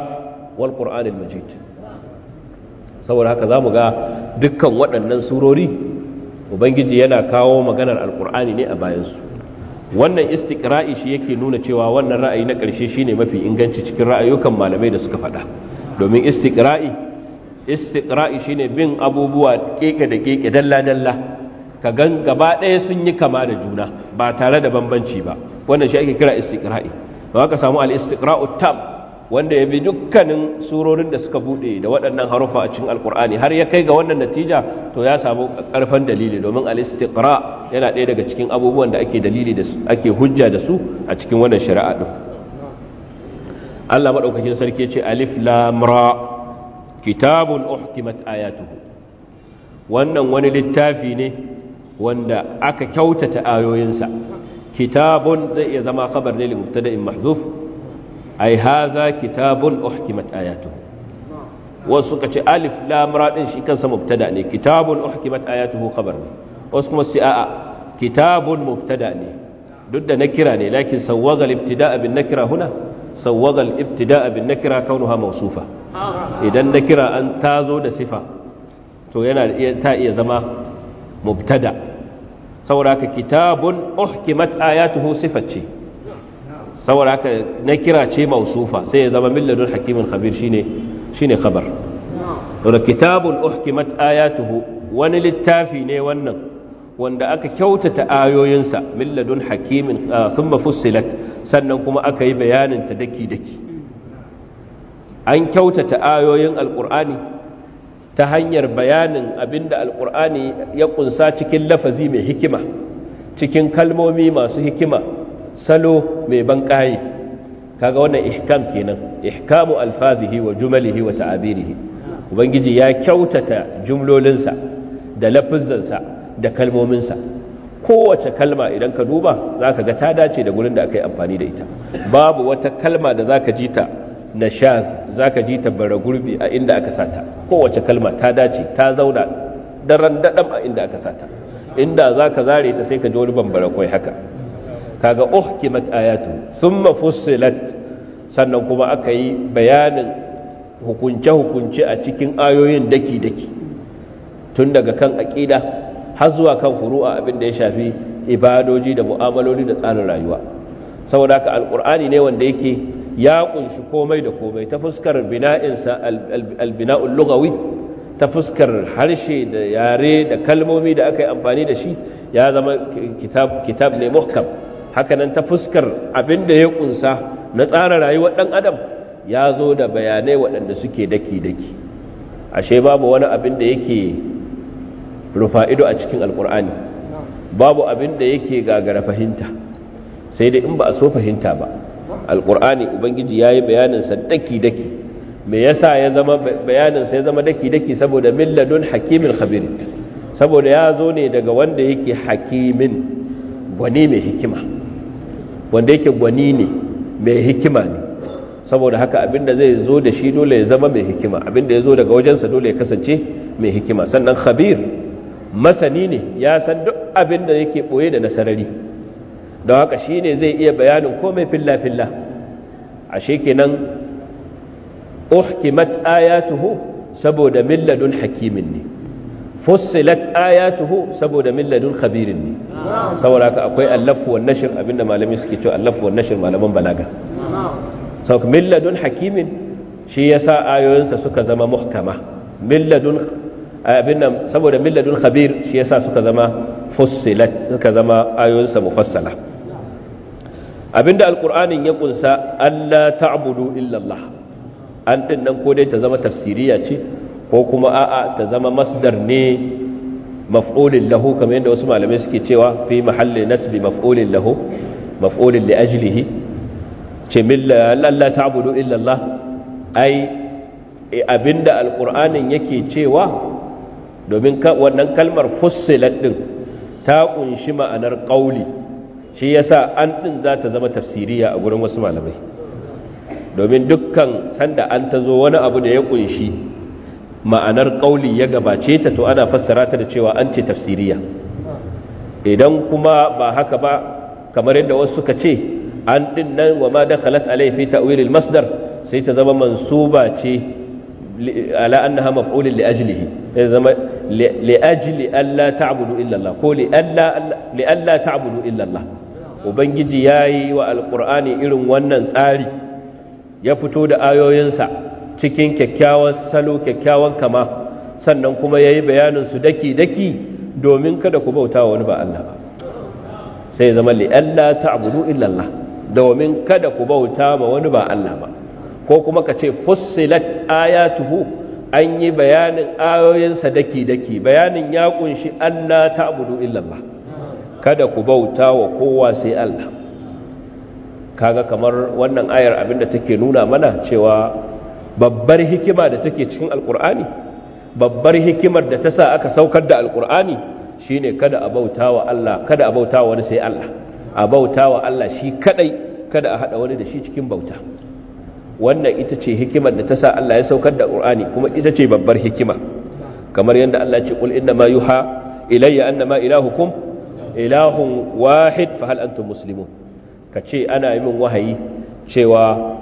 wal qur'anil majid saboda haka zamu ga dukkan waɗannan surori ubangiji yana kawo maganar alqur'ani ne a bayansu wannan istiqra'i shi yake nuna cewa wannan ra'ayi na ƙarshe shine mafi inganci cikin ra'ayokan malamai da suka faɗa domin istiqra'i istiqra'i shine bin abubuwa keke da keke dalla dalla ka gan gaba ɗaya sun yi kama da juna ba tare da bambanci ba wannan shi ake kira istiqra'i don haka samu al-istiqra'u tam wanda ya bi dukkanin surorin da suka bude da waɗannan harufa a cikin alkur'ani har ya kai ga wannan natija to ya samu ƙarfan dalili domin al-istiqra yana ɗaya daga cikin abubuwan da ake dalili da su ake hujja da su a cikin wannan shari'a din Allah madaukakin sarki ya ce alif lam ra kitabun uhkimat ayatuhu wannan wani littafi ne wanda aka kyautata ayoyinsa kitabun zai iya zama khabar ne li mubtada'in mahzuf ai haza kitabun uhkimat ayatuhu wasu suka ce alif lam ra din shi kansa mubtada ne kitabun uhkimat ayatuhu khabar ne wasu kuma su a'a kitabun mubtada ne duk da nakira ne lakin sawwaga al-ibtida'a bin nakira huna sawwaga al-ibtida'a bin nakira kaunuha mawsufa idan nakira an tazo da sifa to yana ta iya zama mubtada saboda kitabun uhkimat ayatuhu sifat ce saboda haka na kira ce mausufa sai ya zama milladun hakimin khabir shine shine khabar da kitabun uhkimat ayatuhu wani littafi ne wannan wanda aka kyautata ayoyinsa milladun hakimin ah, thumma fussilat sannan kuma aka yi bayanin ta daki daki an kyautata ayoyin alqur'ani ta hanyar bayanin abinda alqur'ani ya kunsa cikin lafazi mai hikima cikin kalmomi masu hikima salo mai ban kaga wannan ihkam kenan ihkamu alfazihi wa jumalihi wa ta'abirihi ubangiji ya kyautata jumlolinsa da sa da kalmominsa kowace kalma idan ka duba za ka ga ta dace da gurin da aka yi amfani da ita babu wata kalma da zaka ka ji ta na shaz za ka ji ta bara gurbi a inda aka sata kowace kalma ta dace ta zauna daren daɗam a inda aka sata inda zaka zare ta sai ka ji wani bambara kwai haka kaga uhkimat ayatu thumma fussilat sannan kuma aka yi bayanin hukunce-hukunce a cikin ayoyin daki-daki tun daga kan aƙida har zuwa kan furu'a abin da ya shafi ibadoji da mu'amaloli da tsarin rayuwa saboda haka alqur'ani ne wanda yake ya kunshi komai da komai ta fuskar bina'insa albina'ul lugawi ta fuskar harshe da yare da kalmomi da aka yi amfani da shi ya zama kitab ne muhkam hakanan ta fuskar abin da ya kunsa na tsara rayuwar ɗan adam ya zo da bayanai waɗanda suke daki-daki ashe babu wani abin da yake rufa ido a cikin alkur'ani babu abin da yake gagara fahimta sai dai in ba a so fahimta ba alkur'ani ubangiji ya yi bayaninsa daki-daki me yasa ya zama bayaninsa ya zama daki-daki saboda milladun hakimin khabiri saboda ya zo ne daga wanda yake hakimin gwani mai hikima wanda yake gwani ne mai hikima ne saboda haka abinda zai zo da shi dole ya zama mai hikima abinda ya zo daga wajensa dole ya kasance mai hikima sannan khabir masani ne ya san duk abinda yake boye da nasarari don haka shi ne zai iya bayanin komai filla-filla a shekinan uhkimat ayatuhu saboda milladun hakimin ne fussilat ayatuhu saboda milladun khabirin ne saboda haka akwai allafu wan abinda malami suke cewa allafu wan nashr malaman balaga saboda milladun hakimin shi yasa ayoyinsa suka zama muhkama saboda abinda saboda khabir shi yasa suka zama fussilat suka zama ayoyinsa mufassala abinda alqur'anin ya kunsa alla ta'budu illallah allah an dinnan ko dai ta zama tafsiriya ce ko kuma a'a ta zama masdar ne maf'ulin lahu kamar yadda wasu malamai suke cewa fi mahalli nasbi maf'ulin lahu maf'ulin li ajlihi ce milla lalla ta'budu illa Allah ai abinda alqur'anin yake cewa domin wannan kalmar fussilat din ta kunshi ma'anar qauli shi yasa an din za ta zama tafsiriya a gurin wasu malamai domin dukkan sanda an ta zo wani abu da ya kunshi ma'anar ƙauli ya gabace ta to ana fassara ta da cewa an ce tafsiriya idan kuma ba haka ba kamar yadda wasu suka ce an ɗin nan wa ma da khalat alaifi ta'wilil masdar sai ta zama mansuba ce ala annaha maf'ulin li ajlihi sai zama li ajli alla ta'budu illa Allah ko li alla li alla ta'budu illa Allah ubangiji yayi wa alqur'ani irin wannan tsari ya fito da ayoyinsa cikin kyakkyawan salo kyakkyawan kama sannan kuma ya yi su daki-daki domin kada ku bauta wani ba Allah ba sai zama li'alla ta'budu illallah domin kada ku bauta ma wani ba Allah ba ko kuma ka ce fusilat ayatuhu an yi bayanin ayoyinsa daki-daki bayanin ya kunshi Allah ta'budu illallah kada ku bauta wa kowa sai Allah kaga kamar wannan ayar abinda take nuna mana cewa babbar hikima da take cikin alkur'ani babbar hikimar da ta sa aka saukar da alkur'ani shi kada a bauta wa Allah kada a bauta wani sai Allah a bauta wa Allah shi kadai kada a hada wani da shi cikin bauta wannan ita ce hikimar da ta sa Allah ya saukar da alkur'ani kuma ita ce babbar hikima kamar yadda Allah ya ce qul inna ma yuha ilayya annama ilahukum ilahun wahid fa hal antum muslimun kace ana yi min wahayi cewa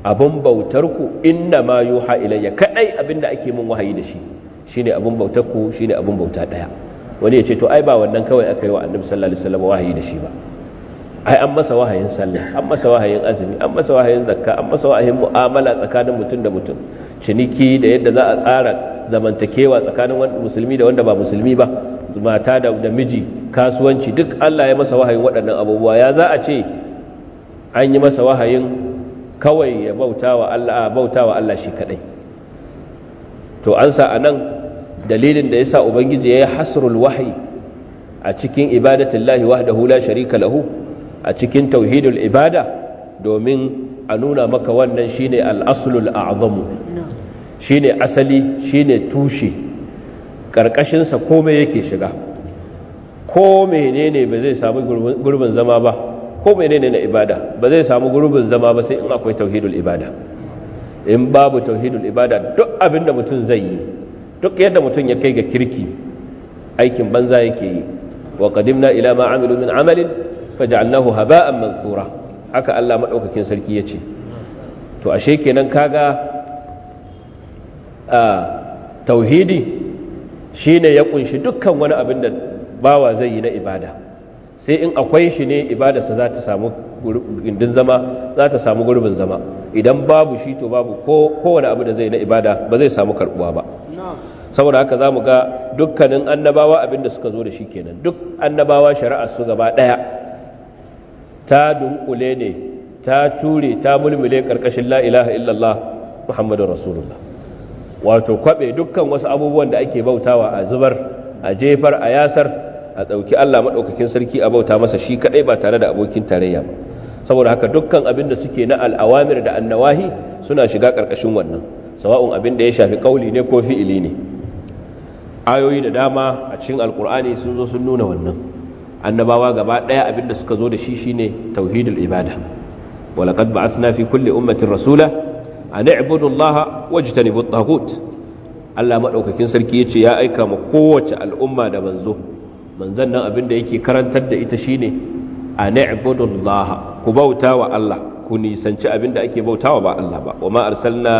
abin bautarku inda ma yuha ilayya kadai abinda ake mun wahayi da shi ne abin bautarku ne abin bauta daya wani ya ce to ai ba wannan kawai aka yi wa annabi sallallahu alaihi wasallam wahayi da shi ba ai an masa wahayin sallah an masa wahayin azumi an masa wahayin zakka an masa wahayin mu'amala tsakanin mutum da mutum ciniki da yadda za a tsara zamantakewa tsakanin musulmi da wanda ba musulmi ba mata da miji kasuwanci duk Allah ya masa wahayin waɗannan abubuwa ya za a ce an yi masa wahayin kawai ya bauta wa Allah shi kadai to an sa anan dalilin da yasa ubangiji yayi hasrul wahyi a cikin ibadatullahi wahdahu la sharika lahu a cikin tauhidul ibada domin a nuna maka wannan shine al-aslul a'zamu shine asali shine tushe karkashin sa komai yake shiga ko menene ba zai samu gurbin zama ba ko mene ne na ibada ba zai samu gurbin zama ba sai in akwai tauhidul ibada in babu tauhidul ibada duk abin da mutum zai yi duk yadda mutum ya kai ga kirki aikin banza yake yi wa qadimna ila ma amilu min amalin faj'alnahu haba'an mansura haka Allah madaukakin sarki yace to ashe kenan kaga a tauhidi shine ya kunshi dukkan wani abin da bawa zai yi na ibada sai in akwai shi ne ibadarsa za ta samu gindin zama za ta samu gurbin zama idan babu shi to babu kowane abu da zai na ibada ba zai samu karbuwa ba saboda haka za mu ga dukkanin annabawa abin da suka zo da shi kenan duk annabawa shari'a su gaba ɗaya ta dunkule ne ta ture ta mulmule ƙarƙashin la ilaha illallah muhammadu rasulullah wato kwaɓe dukkan wasu abubuwan da ake bautawa a zubar a jefar a yasar a ɗauki Allah maɗaukakin sarki a bauta masa shi kaɗai ba tare da abokin tarayya ba saboda haka dukkan abin da suke na al'awamir da annawahi suna shiga ƙarƙashin wannan sawa'un abin da ya shafi ƙauli ne ko fi'ili ne ayoyi da dama a cikin alƙur'ani sun zo sun nuna wannan annabawa gaba ɗaya abin da suka zo da shi shine tauhidul ibada walaqad ba'athna fi kulli ummatin rasula an i'budu allaha wajtanibu taghut Allah madaukakin sarki yace ya aika mu kowace al'umma da manzo manzan nan abinda yake karantar da ita shine a na'budullaha ku bauta wa Allah ku nisanci abinda ake bautawa ba Allah ba wama arsalna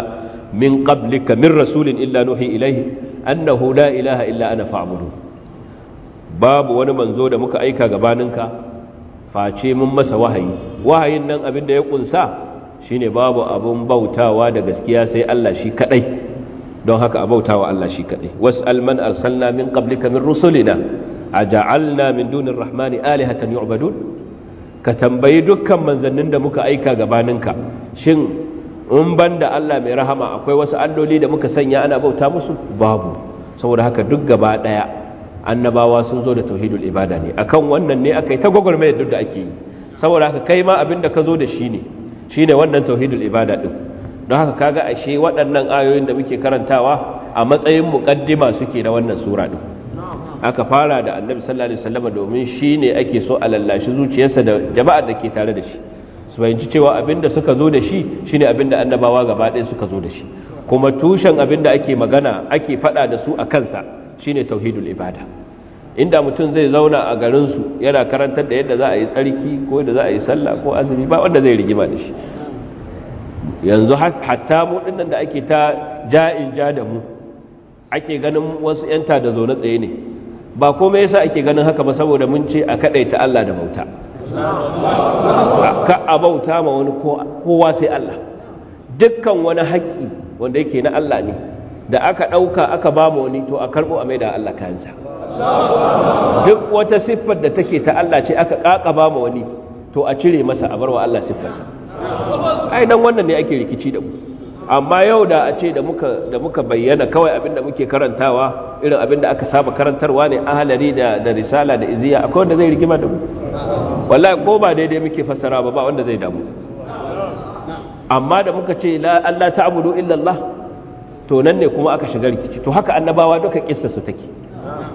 min qablika min rasulin illa nuhi ilaihi annahu la ilaha illa ana fa'budu babu wani manzo da muka aika gabaninka face mun masa wahayi wahayin nan abinda ya kunsa shine babu abun bautawa da gaskiya sai Allah shi kadai don haka a bautawa Allah shi kadai was'al man arsalna min qablika min rusulina a ja'alna min dunin rahmani alihatan yu'badun ka tambayi dukkan manzannin da muka aika gabaninka shin in banda Allah mai rahama akwai wasu alloli da muka sanya ana bauta musu babu saboda haka duk gaba daya annabawa sun zo da tauhidul ibada ne akan wannan ne akai ta gwagwarmayar duk da ake yi saboda haka kai ma abinda ka zo da shi ne shine wannan tauhidul ibada din don haka kaga ashe waɗannan ayoyin da muke karantawa a matsayin muqaddima suke da wannan sura din aka fara da annabi sallallahu alaihi wasallam domin shi ne ake so a lallashi zuciyarsa da jama'ar da ke tare da shi su fahimci cewa abinda suka zo da shi shine abinda annabawa gaba ɗaya suka zo da shi kuma tushen abinda ake magana ake faɗa da su a kansa shine tauhidul ibada inda mutum zai zauna a garin su yana karantar da yadda za a yi tsarki ko da za a yi sallah ko azumi ba wanda zai rigima da shi yanzu hatta mu dinnan da ake ta ja'in ja da mu ake ganin wasu yanta da zo na tsaye ne ba komai yasa ake ganin haka ba saboda mun ce a ta Allah da bauta ka a bauta ma wani kowa sai Allah dukkan wani haƙƙi wanda yake na Allah ne da aka ɗauka aka ba mu wani to a karɓo a maida Allah kayansa duk wata siffar da take ta Allah ce aka ƙaƙa ba mu wani to a cire masa a barwa Allah siffarsa ai dan wannan ne ake rikici da ku amma yau da a ce da muka bayyana kawai abinda muke karantawa irin abinda aka saba karantarwa ne ahalari da risala da iziya akwai wanda zai rigima da mu wallahi ko ba daidai muke fassara ba ba wanda zai damu amma da muka ce Allah ta'budu illallah? to nan ne kuma aka shiga rikici to haka annabawa duka kissa su take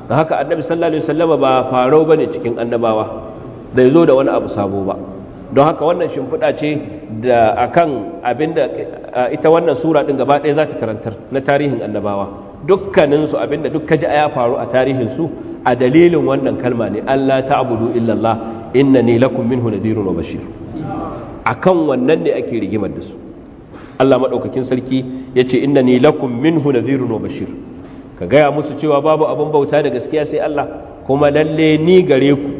da haka annabi sallallahu alaihi wasallama ba farau bane cikin annabawa da zo da wani abu sabo ba don haka wannan shimfiɗa ce da akan abinda ita wannan sura din gaba ɗaya za ta karantar na tarihin annabawa dukkaninsu abinda duk ka kaji ya faru a tarihinsu a dalilin wannan kalma ne Allah ta'budu illallah innani lakum minhu nadhirun wa bashir akan wannan ne ake rigimar da su Allah madaukakin sarki yace innani lakum minhu nadhirun wa bashir ka gaya musu cewa babu abin bauta da gaskiya sai Allah kuma lalle ni gare ku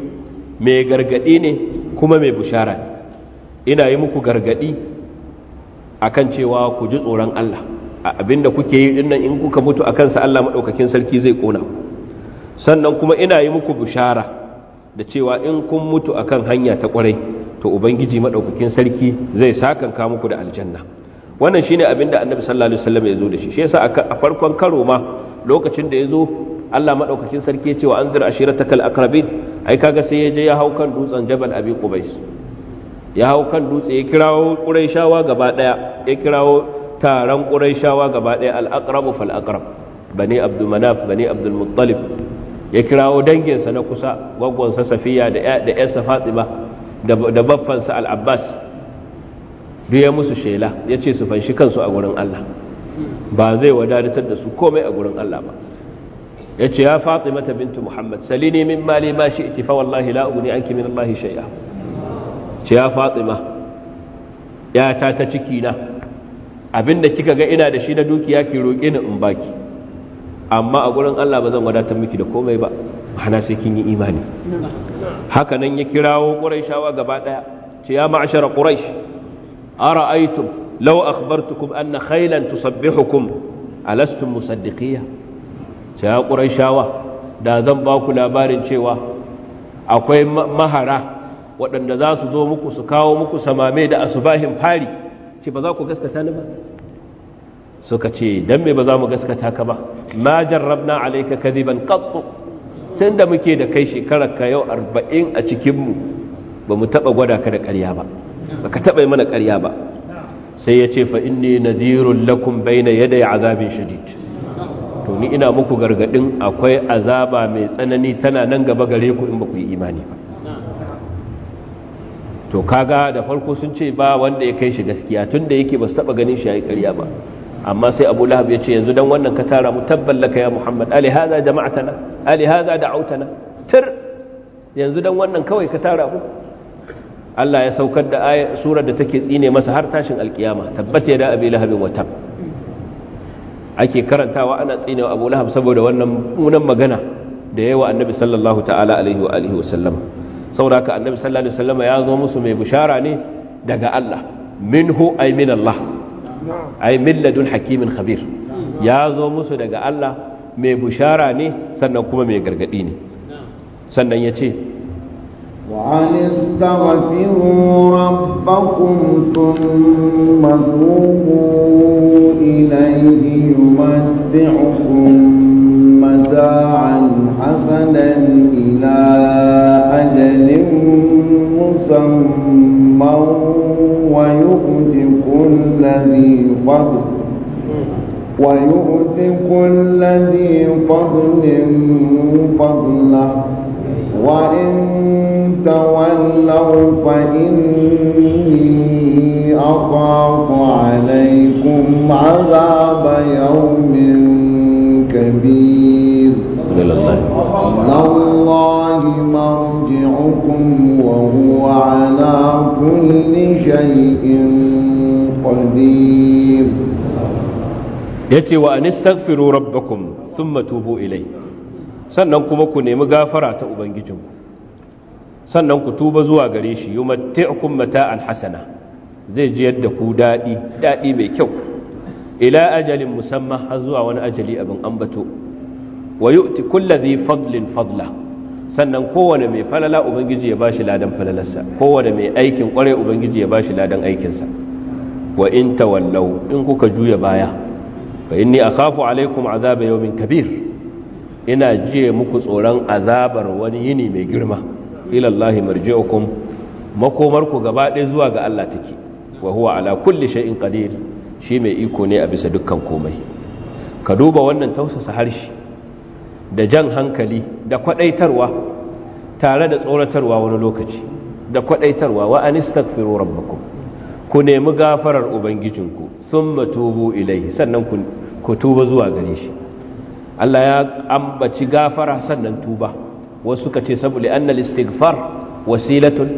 mai gargadi ne kuma mai bushara ina yi muku gargadi akan cewa ku ji tsoron Allah abinda kuke yi dinnan in kuka mutu akan sa Allah madaukakin sarki zai kona sannan kuma ina yi muku bushara da cewa in kun mutu akan hanya ta kwarai to ubangiji madaukakin sarki zai sakanka muku da aljanna wannan shine abinda annabi sallallahu alaihi wasallam ya zo da shi shi yasa a farkon karo ma lokacin da ya zo Allah madaukakin sarki ya ce wa anzir ashiratakal aqrabin ai kaga sai ya je ya hau kan dutsen jabal abi qubais ya hau kan dutse ya kirawo ƙuraishawa gaba ɗaya ya kirawo taron ƙuraishawa gaba ɗaya al'aƙrabu fal'aƙrab bane abdulmanaf bane abdulmuttalib ya kirawo danginsa na kusa gwaggonsa safiya da ‘yarsa fatima da baffansa al'abbas duk ya musu shela ya ce su fanshi kansu a gurin allah ba zai wadatar da su komai a gurin allah ba ya ce ya fatima ta bintu muhammad salini min mali ba shi iti fa wallahi la'uguni anki min allahi shai'a ce ya fatima ya ta ta ciki na abinda kika ga ina da shi na dukiya ki roƙe ni in baki amma a gurin Allah ba zan wadatar miki da komai ba hana sai kin yi imani haka nan ya kirawo quraishawa gaba daya ce ya ma'ashara quraish ara'aytum law akhbartukum anna khaylan tusabbihukum alastum musaddiqiyya ce ya quraishawa da zan ba ku labarin cewa akwai mahara waɗanda za su zo muku su kawo muku samame da asubahin fari ce ba za ku gaskata ni ba suka ce dan me ba za mu gaskata ka ba ma jarrabna alayka kadiban qattu tunda muke da kai shekarar ka yau 40 a cikin mu ba mu taba gwada ka da ƙarya ba baka taba yi mana ƙarya ba sai ya ce fa inni nadhirul lakum bayna yaday azabin shadid to ni ina muku gargadin akwai azaba mai tsanani tana nan gaba gare ku in ba ku yi imani ba to kaga da farko sun ce ba wanda ya kai shi gaskiya tunda yake ba su taba ganin shi yayi ƙarya ba amma sai Abu Lahab ya ce yanzu dan wannan ka tara mu tabballaka ya Muhammad ali hada jama'atana ali hada da'autana tir yanzu dan wannan kawai ka tara mu Allah ya saukar da ayar surar da take tsine masa har tashin alkiyama tabbata da Abi Lahab wa tab ake karantawa ana tsinewa Abu Lahab saboda wannan munan magana da yawa Annabi sallallahu ta'ala alaihi wa alihi wa sallama saboda haka annabi sallallahu alaihi wasallam ya zo musu mai bushara ne daga Allah minhu ay min Allah ay min ladun hakimin khabir ya zo musu daga Allah mai bushara ne sannan kuma mai gargadi ne sannan ya ce وأن استغفروا ربكم ثم توبوا إليه يمتعكم متاعا حسنا إلى أجل مسمى ويؤتي كل ذي فضل ويؤتي كل ذي فضل فضله وإن تولوا فإني أخاف عليكم عذاب يوم كبير الله الله يُمَتِّعُكُمْ وَهُوَ عَلَى كُلِّ شَيْءٍ قَدِيرٌ yace wa anistaghfiru rabbakum thumma tubu ilai sannan kuma ku nemi gafara ta Ubangijin, sannan ku tuba zuwa gare shi yumatti'ukum mata'an hasana zai ji yadda ku dadi dadi mai kyau ila ajalin musamman har zuwa wani ajali abin ambato wa yu'ti kulli dhi fadlin fadla sannan kowane mai falala ubangiji ya bashi ladan falalarsa kowane mai aikin kware ubangiji ya ba shi ladan aikinsa wa in tawallau in kuka juya baya fa inni akhafu alaikum azaba yawmin kabir ina jiye muku tsoron azabar wani yini mai girma ila Allah marji'ukum makomarku gaba ɗaya zuwa ga Allah take wa huwa ala kulli shay'in qadir shi mai iko ne a bisa dukkan komai ka duba wannan tausasa harshe da jan hankali da kwadaitarwa tare da tsoratarwa wani lokaci da kwadaitarwa wa anistaghfiru rabbakum ku nemi gafarar ubangijinku summa tubu ilaihi sannan ku tuba zuwa gare shi Allah ya ambaci gafara sannan tuba wasu kace ce saboda annal istighfar wasilatun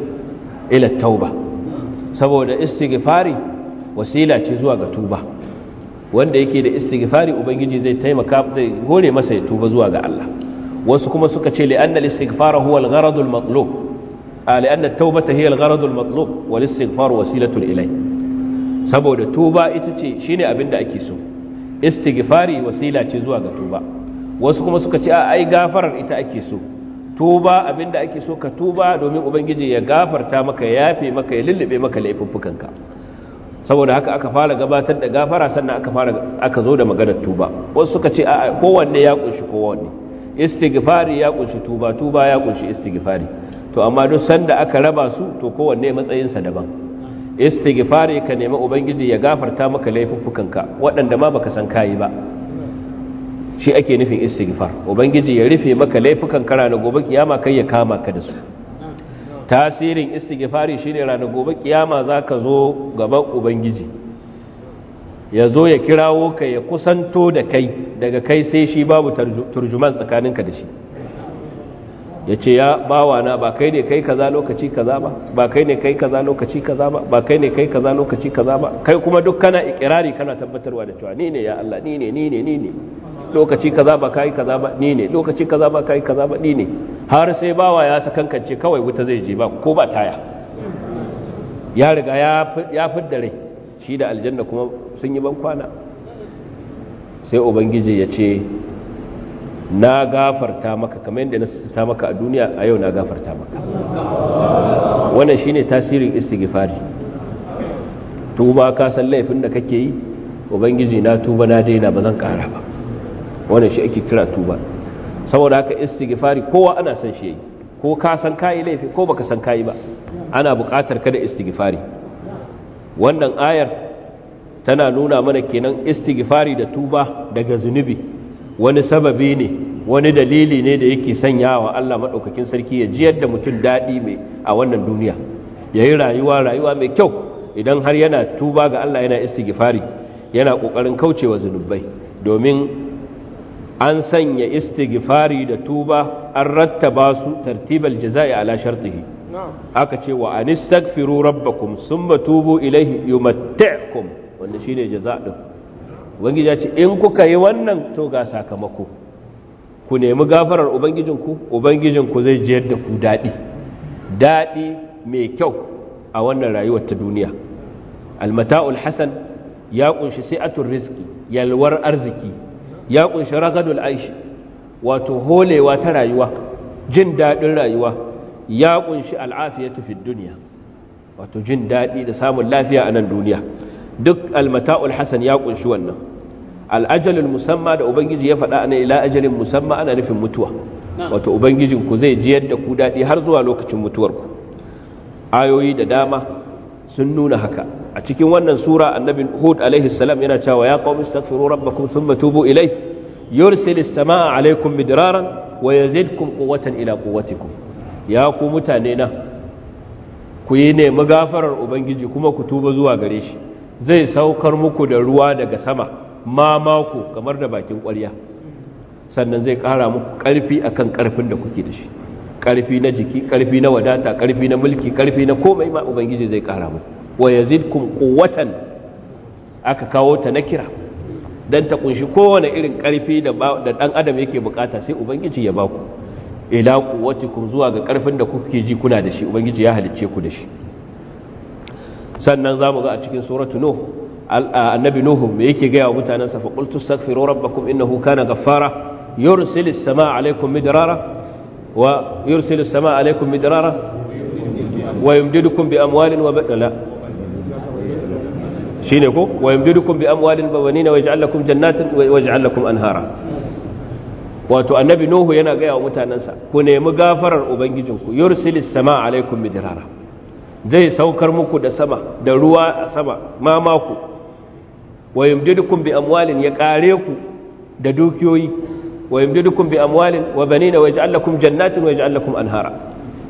ila tauba saboda istighfari wasila ce zuwa ga tuba wanda yake da istighfari ubangiji zai taimaka zai hore masa ya tuba zuwa ga Allah wasu kuma suka ce li'anna al-istighfar huwa al-gharad al-matlub li'anna at-taubata hiya al-gharad al-matlub wal istighfar wasilatu ilay saboda tuba ita ce shine abinda ake so istighfari wasila ce zuwa ga tuba wasu kuma suka ce ai gafarar ita ake so tuba abinda ake so ka tuba domin ubangiji ya gafarta maka ya yafe maka ya lullube maka laifuffukanka saboda haka aka fara gabatar da gafara sannan aka fara aka zo da maganar tuba wasu suka ce a kowanne ya kunshi kowanne istighfari ya kunshi tuba tuba ya kunshi istighfari to amma duk sanda aka raba su to kowanne sa daban istighfari ka nemi ubangiji ya gafarta maka laifuffukanka waɗanda ma baka san kayi ba shi ake nufin istighfar ubangiji ya rufe maka laifukan kara na gobe kiyama kai ya kama ka da su tasirin istighfari shine ranar gobe kiyama zaka zo gaban ubangiji ya zo ya kirawo ka ya kusanto da kai daga kai sai shi babu turjuman tsakaninka da shi ya ce ya bawana ba kai ne kai kaza lokaci kaza ba ba kai ne kai kaza lokaci kaza ba ba kai ne kai kaza lokaci kaza ba kai kuma duk kana ikirari kana tabbatarwa da cewa ni ne ya Allah ni ne ni ne ni ne lokaci kaza ba kai kaza ba ni ne lokaci kaza ba kai kaza ba ni ne har sai bawa ya sakankance kawai wuta zai je ba ko ba taya ya riga ya fidda rai shi da aljanna kuma sun yi ban kwana sai ubangiji ya ce na gafarta maka kamar yadda na sata maka a duniya a yau na gafarta maka wannan shine tasirin istighfari tuba ka san laifin da kake yi ubangiji na tuba na daina ba zan kara ba wannan shi ake kira tuba saboda haka istighfari kowa ana san shi yayi ko ka san kai laifi ko baka san kai ba ana buƙatar kada istighfari wannan ayar tana nuna mana kenan istighfari da tuba daga zunubi wani sababi ne wani dalili ne da yake sanya wa Allah madaukakin sarki ya ji yadda mutum dadi mai a wannan duniya yayi rayuwa rayuwa mai kyau idan har yana tuba ga Allah yana istighfari yana kokarin kaucewa zunubai domin an sanya istighfari da tuba an rattaba su tartibal jazai ala shartihi aka ce wa an istaghfiru rabbakum summa tubu ilaihi yumatti'kum wanda shine jaza'i din ubangiji ya ce in kuka yi wannan to ga sakamako ku nemi gafarar ubangijinku ubangijinku zai jiyar da ku daɗi daɗi mai kyau a wannan rayuwar ta duniya almata'ul hasan ya kunshi sai'atul rizki yalwar arziki ya kunshi ragadul aishi wato holewa ta rayuwa jin daɗin rayuwa ya kunshi al'afiyatu tufi duniya wato jin daɗi da samun lafiya a nan duniya duk almata'ul hassan ya kunshi wannan Al'ajalin musamma da ubangiji ya faɗa ana ila ajalin musamma ana nufin mutuwa wato ubangijinku zai jiyar da ku daɗi har zuwa lokacin mutuwarku ayoyi da dama sun nuna haka a cikin wannan sura annabi hud alaihi salam yana cewa ya qawmi astaghfiru rabbakum thumma tubu ilayhi yursilu as-samaa alaykum midraran wa yazidkum quwwatan ila quwwatikum ya ku mutane na ku yi nemi gafarar ubangiji kuma ku tuba zuwa gare shi zai saukar muku da ruwa daga sama ma mako kamar da bakin kwarya sannan zai kara muku ƙarfi akan karfin da kuke da shi ƙarfi na jiki karfi na wadata karfi na mulki karfi na komai ma ubangiji zai kara muku wa yazidkum aka kawo ta na kira don ta kunshi kowane irin karfi da dan adam yake bukata sai ubangiji ya baku ila quwwatikum zuwa ga karfin da kuke ji kuna da shi ubangiji ya halicce ku da shi sannan zamu ga a cikin suratu nuh annabi nuhu me yake ga mutanen sa fa qultu astaghfiru rabbakum innahu kana ghaffara yursilu as-samaa alaykum midrara wa yursilu as-samaa alaykum midrara wa yumdidukum bi amwalin wa badala shine ko wa yamdidukum bi amwalin wa banina wa yaj'al lakum jannatin wa yaj'al lakum anhara wato annabi nuhu yana gaya wa mutanansa ku nemi gafarar ubangijinku yursilis samaa alaikum midrara zai saukar muku da sama da ruwa a sama mamaku wa yamdidukum bi amwalin ya kare ku da dukiyoyi wa yamdidukum bi amwalin wa banina wa yaj'al lakum jannatin wa yaj'al lakum anhara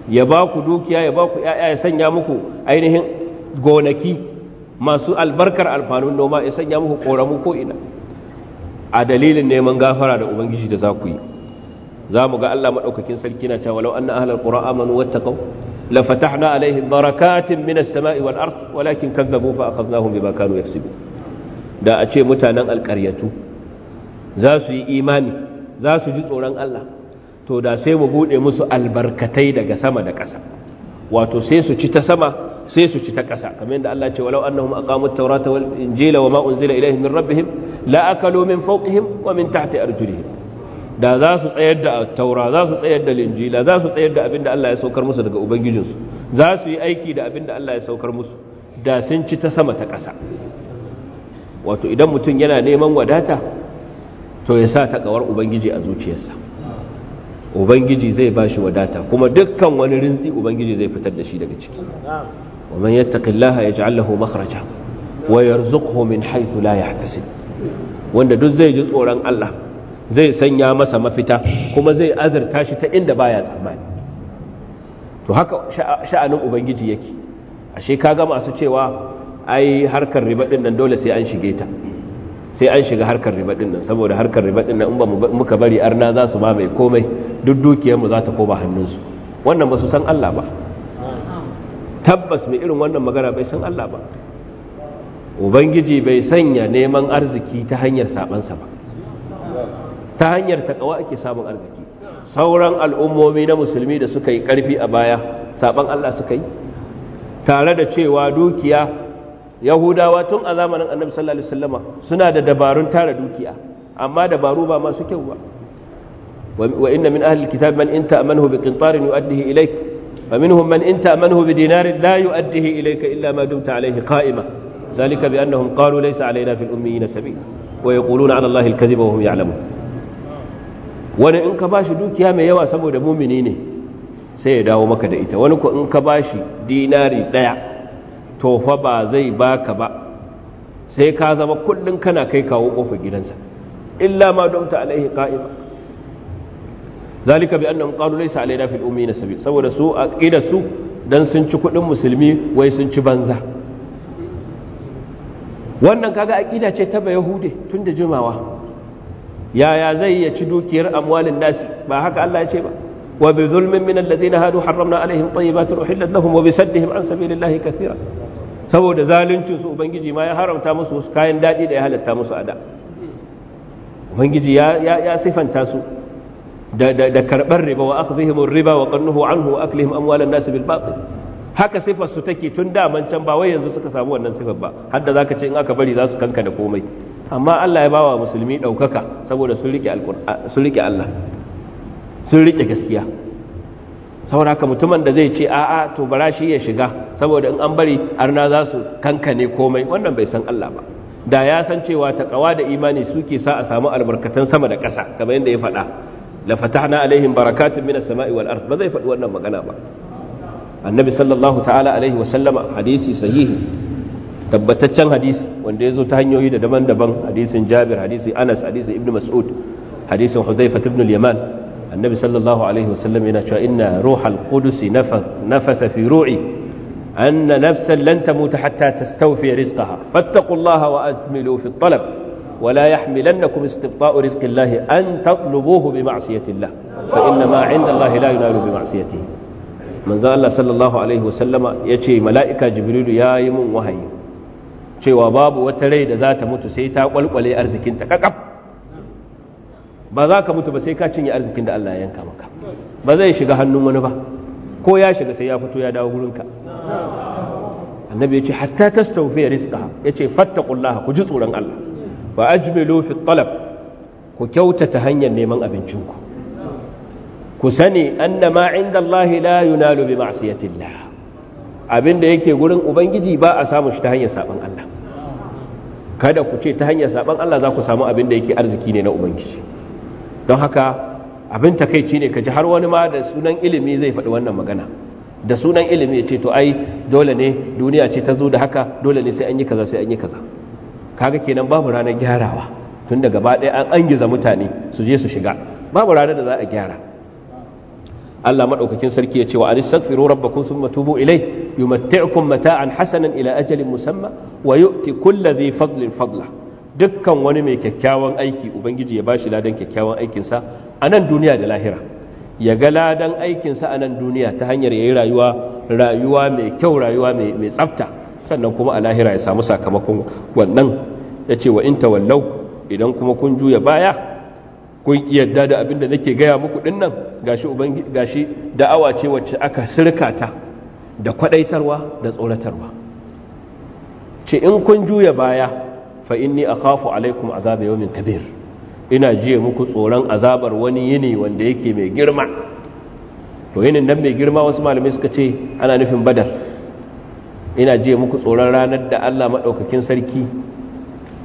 ya ba ku dukiya ya ba ku ya'ya ya sanya muku ainihin gonaki masu albarkar alfanun noma ya sanya muku koramu ko ina a dalilin neman gafara da ubangiji da za ku yi za mu ga Allah maɗaukakin sarki na cewa lau anna ahlal qura amanu wattaqaw la fatahna alaihim barakatin minas sama'i wal ard walakin kazzabu fa akhadnahum bima kanu yaksibun da a ce mutanen alƙaryatu za su yi imani za su ji tsoron Allah to da sai mu buɗe musu albarkatai daga sama da ƙasa wato sai su ci ta sama sai su ci ta ƙasa kamar yadda Allah ce walau annahum aqamut tawrata wal injila wama unzila ilayhim min rabbihim la akalu min fawqihim wa min tahti arjulihim da za su tsayar da taura za su tsayar da linjila za su tsayar da abin da Allah ya saukar musu daga ubangijinsu za su yi aiki da abin da Allah ya saukar musu da sun ci ta sama ta ƙasa wato idan mutum yana neman wadata to ya sa takawar ubangiji a zuciyarsa ubangiji zai ba shi wadata kuma dukkan wani rintsi ubangiji zai fitar da shi daga ciki ومن يتق الله يجعل له مخرجا ويرزقه من حيث لا يحتسب wanda duk zai ji tsoron Allah zai sanya masa mafita kuma zai azurta shi ta inda baya tsammani to haka sha'anin ubangiji yake ashe kaga masu cewa ai harkar riba din nan dole sai an shige ta sai an shiga harkar riba din nan saboda harkar riba din nan in ba muka bari arna za su mamaye komai duk dukiyarmu za ta koma hannunsu wannan ba su san Allah ba tabbas mai irin wannan magana bai san Allah ba ubangiji bai sanya neman arziki ta hanyar sabansa ba ta hanyar takawa ake samun arziki sauran al'ummomi na musulmi da suka yi karfi a baya saban Allah suka yi tare da cewa dukiya yahudawa tun a zamanin annabi sallallahu alaihi wasallama suna da dabarun tara dukiya amma dabaru ba masu kyau ba wa inna min ahli alkitab man in ta'manhu biqintarin yu'addihi ilayka فمنهم من إن تأمنه بدينار لا يؤديه إليك إلا ما دمت عليه قائمة ذلك بأنهم قالوا ليس علينا في الأميين سبيل ويقولون على الله الكذب وهم يعلمون wani in ka ba shi dukiya mai yawa saboda mumini ne sai ya dawo maka da ita wani ko in ka ba shi dinari ɗaya to fa ba zai baka ba sai ka zama kullum kana kai kawo ƙofar gidansa illa ma dumta alaihi qa'ima zalika bi annahum qalu laysa alaina fil ummiyina sabil saboda su aqida su dan sun ci kudin musulmi wai sun ci banza wannan kaga aqida ce ta bayahude tun da jimawa yaya zai ya ci dukiyar amwalin nasi ba haka Allah ya ce ba wa bi zulmin min allazina hadu harramna alaihim tayyibatin uhillat lahum wa bi saddihim an sabilillahi kathira saboda zaluncin su ubangiji ma ya haramta musu kayan dadi da ya halatta musu ada ubangiji ya ya sifanta su da karɓar riba wa akhdhihim riba wa qannuhu anhu wa aklihim amwalan nas bil batil haka sifar su take tun daman can ba wai yanzu suka samu wannan sifar ba Hadda za zaka ce in aka bari za su kanka da komai amma Allah ya bawa musulmi ɗaukaka saboda sun rike Allah sun rike gaskiya saboda haka mutumin da zai ce a'a to bara shi ya shiga saboda in an bari arna za su kankane komai wannan bai san Allah ba da ya san cewa taƙawa da imani suke sa a samu albarkatan sama da ƙasa kamar yadda ya faɗa la fatahna alaihim barakatin minas sama'i wal ard ba zai faɗi wannan magana ba annabi sallallahu ta'ala alaihi wa sallama hadisi sahihi tabbataccen hadisi wanda ya zo ta hanyoyi da daban-daban hadisin jabir hadisin anas hadisin ibnu mas'ud hadisin huzaifa ibn al-yaman annabi sallallahu alaihi wa sallam yana cewa inna ruhal qudus nafatha fi ru'i anna nafsan lan tamuta hatta tastawfi rizqaha fattaqullaha wa atmilu fi at-talab ولا يحملنكم استبطاء رزق الله أن تطلبوه بمعصية الله فإن ما عند الله لا ينال بمعصيته من ذا الله صلى الله عليه وسلم يتشي ملائكة جبريل يا يمن وهي cewa babu wata rai da za ta mutu sai ta kwalkwale arzikinta ba za ka mutu ba sai ka cinye arzikin da Allah ya yanka maka ba zai shiga hannun wani ba ko ya shiga sai ya fito ya dawo gurinka annabi ya ce hatta tastawfi rizka. ya ce fattaqullaha ku ji tsoron Allah fa ajmilu fi talab ku kyautata hanyar neman abincinku ku sani annama indallahi la yunalu bi ma'siyatillah abinda yake gurin ubangiji ba a samu shi ta hanyar saban Allah kada ku ce ta hanyar saban Allah za ku samu abinda yake arziki ne na ubangiji don haka abin takeici ne ka ji har wani ma da sunan ilimi zai faɗi wannan magana da sunan ilimi ya ce to ai dole ne duniya ce ta zo da haka dole ne sai an yi kaza sai an yi kaza kaga kenan babu ranar gyarawa tun da gaba ɗaya an angiza mutane su je su shiga babu ranar da za a gyara Allah maɗaukakin sarki ya ce wa anistaghfiru rabbakum thumma tubu ilay yumatti'ukum mata'an hasanan ila ajalin musamma wa yu'ti kulli dhi fadlin fadla dukkan wani mai kyakkyawan aiki ubangiji ya bashi ladan kyakkyawan aikinsa a nan duniya da lahira ya ga ladan aikinsa a nan duniya ta hanyar ya yi rayuwa rayuwa mai kyau rayuwa mai tsafta sannan kuma a lahira ya samu sakamakon wannan ya ce wa in tawallau idan kuma kun juya baya kun yadda da abin da nake gaya muku din nan gashi gashi da'awa ce wacce aka sirkata da kwadaitarwa da tsoratarwa ce in kun juya baya fa inni akhafu alaikum azab yawmin kabir ina jiye muku tsoron azabar wani yini wanda yake mai girma to yinin nan mai girma wasu malamai suka ce ana nufin badar ina je muku tsoron ranar da Allah maɗaukakin sarki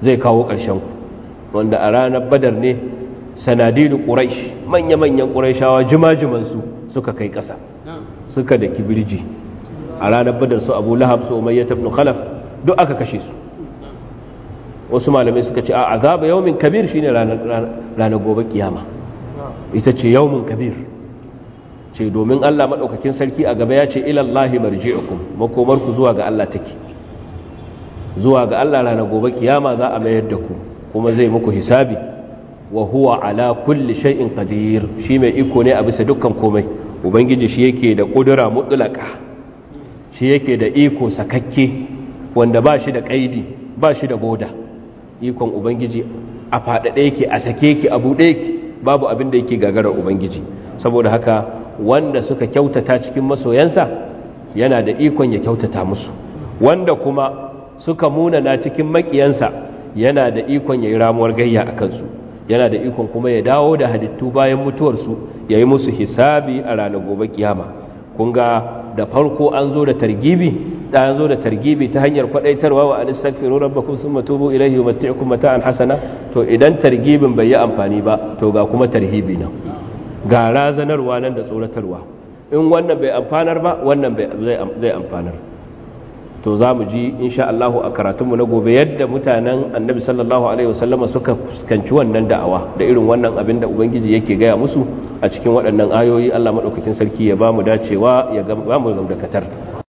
zai kawo ƙarshen ku wanda a ranar badar ne sanadidu ƙuraish manya-manyan ƙuraishawa jima-jiman suka kai ƙasa suka da kibirji a ranar badar su Abu Lahab su ya ibn Khalaf duk aka kashe su wasu malamai suka ce a azaba yaumin kabir shine ranar ranar gobe kiyama ita ce yaumin kabir ce domin Allah maɗaukakin sarki a gaba ya ce ilallahi marji'ukum makomarku ku zuwa ga Allah take zuwa ga Allah rana gobe kiyama za a mayar da ku kuma zai muku hisabi wa huwa ala kulli shay'in qadir shi mai iko ne a bisa dukkan komai ubangiji shi yake da kudura mutlaka shi yake da iko sakakke wanda ba shi da kaidi ba shi da boda ikon ubangiji a faɗaɗe yake a sake yake a buɗe yake babu abin da yake gagarar ubangiji saboda haka wanda suka kyautata cikin masoyansa yana da ikon ya kyautata musu wanda kuma suka munana cikin makiyansa yana da ikon ya yi ramuwar gayya a kansu yana da ikon kuma ya dawo da halittu bayan mutuwarsu ya yi musu hisabi a ranar gobe kiyama kun ga da farko an zo da targibi da an zo da targibi ta hanyar kwadaitarwa wa anistaghfiru rabbakum matubu, tubu ilayhi wa mata'an hasana to idan targibin bai yi amfani ba to ga kuma tarhibi nan ga razanarwa nan da tsoratarwa in wannan bai amfanar ba wannan zai amfanar to za mu ji insha Allah a karatunmu na gobe yadda mutanen annabi sallallahu alaihi wasallama suka fuskanci wannan da'awa da irin wannan abin da ubangiji yake gaya musu a cikin waɗannan ayoyi Allah maɗaukacin sarki ya ba mu dacewa ya ba mu gamdakatar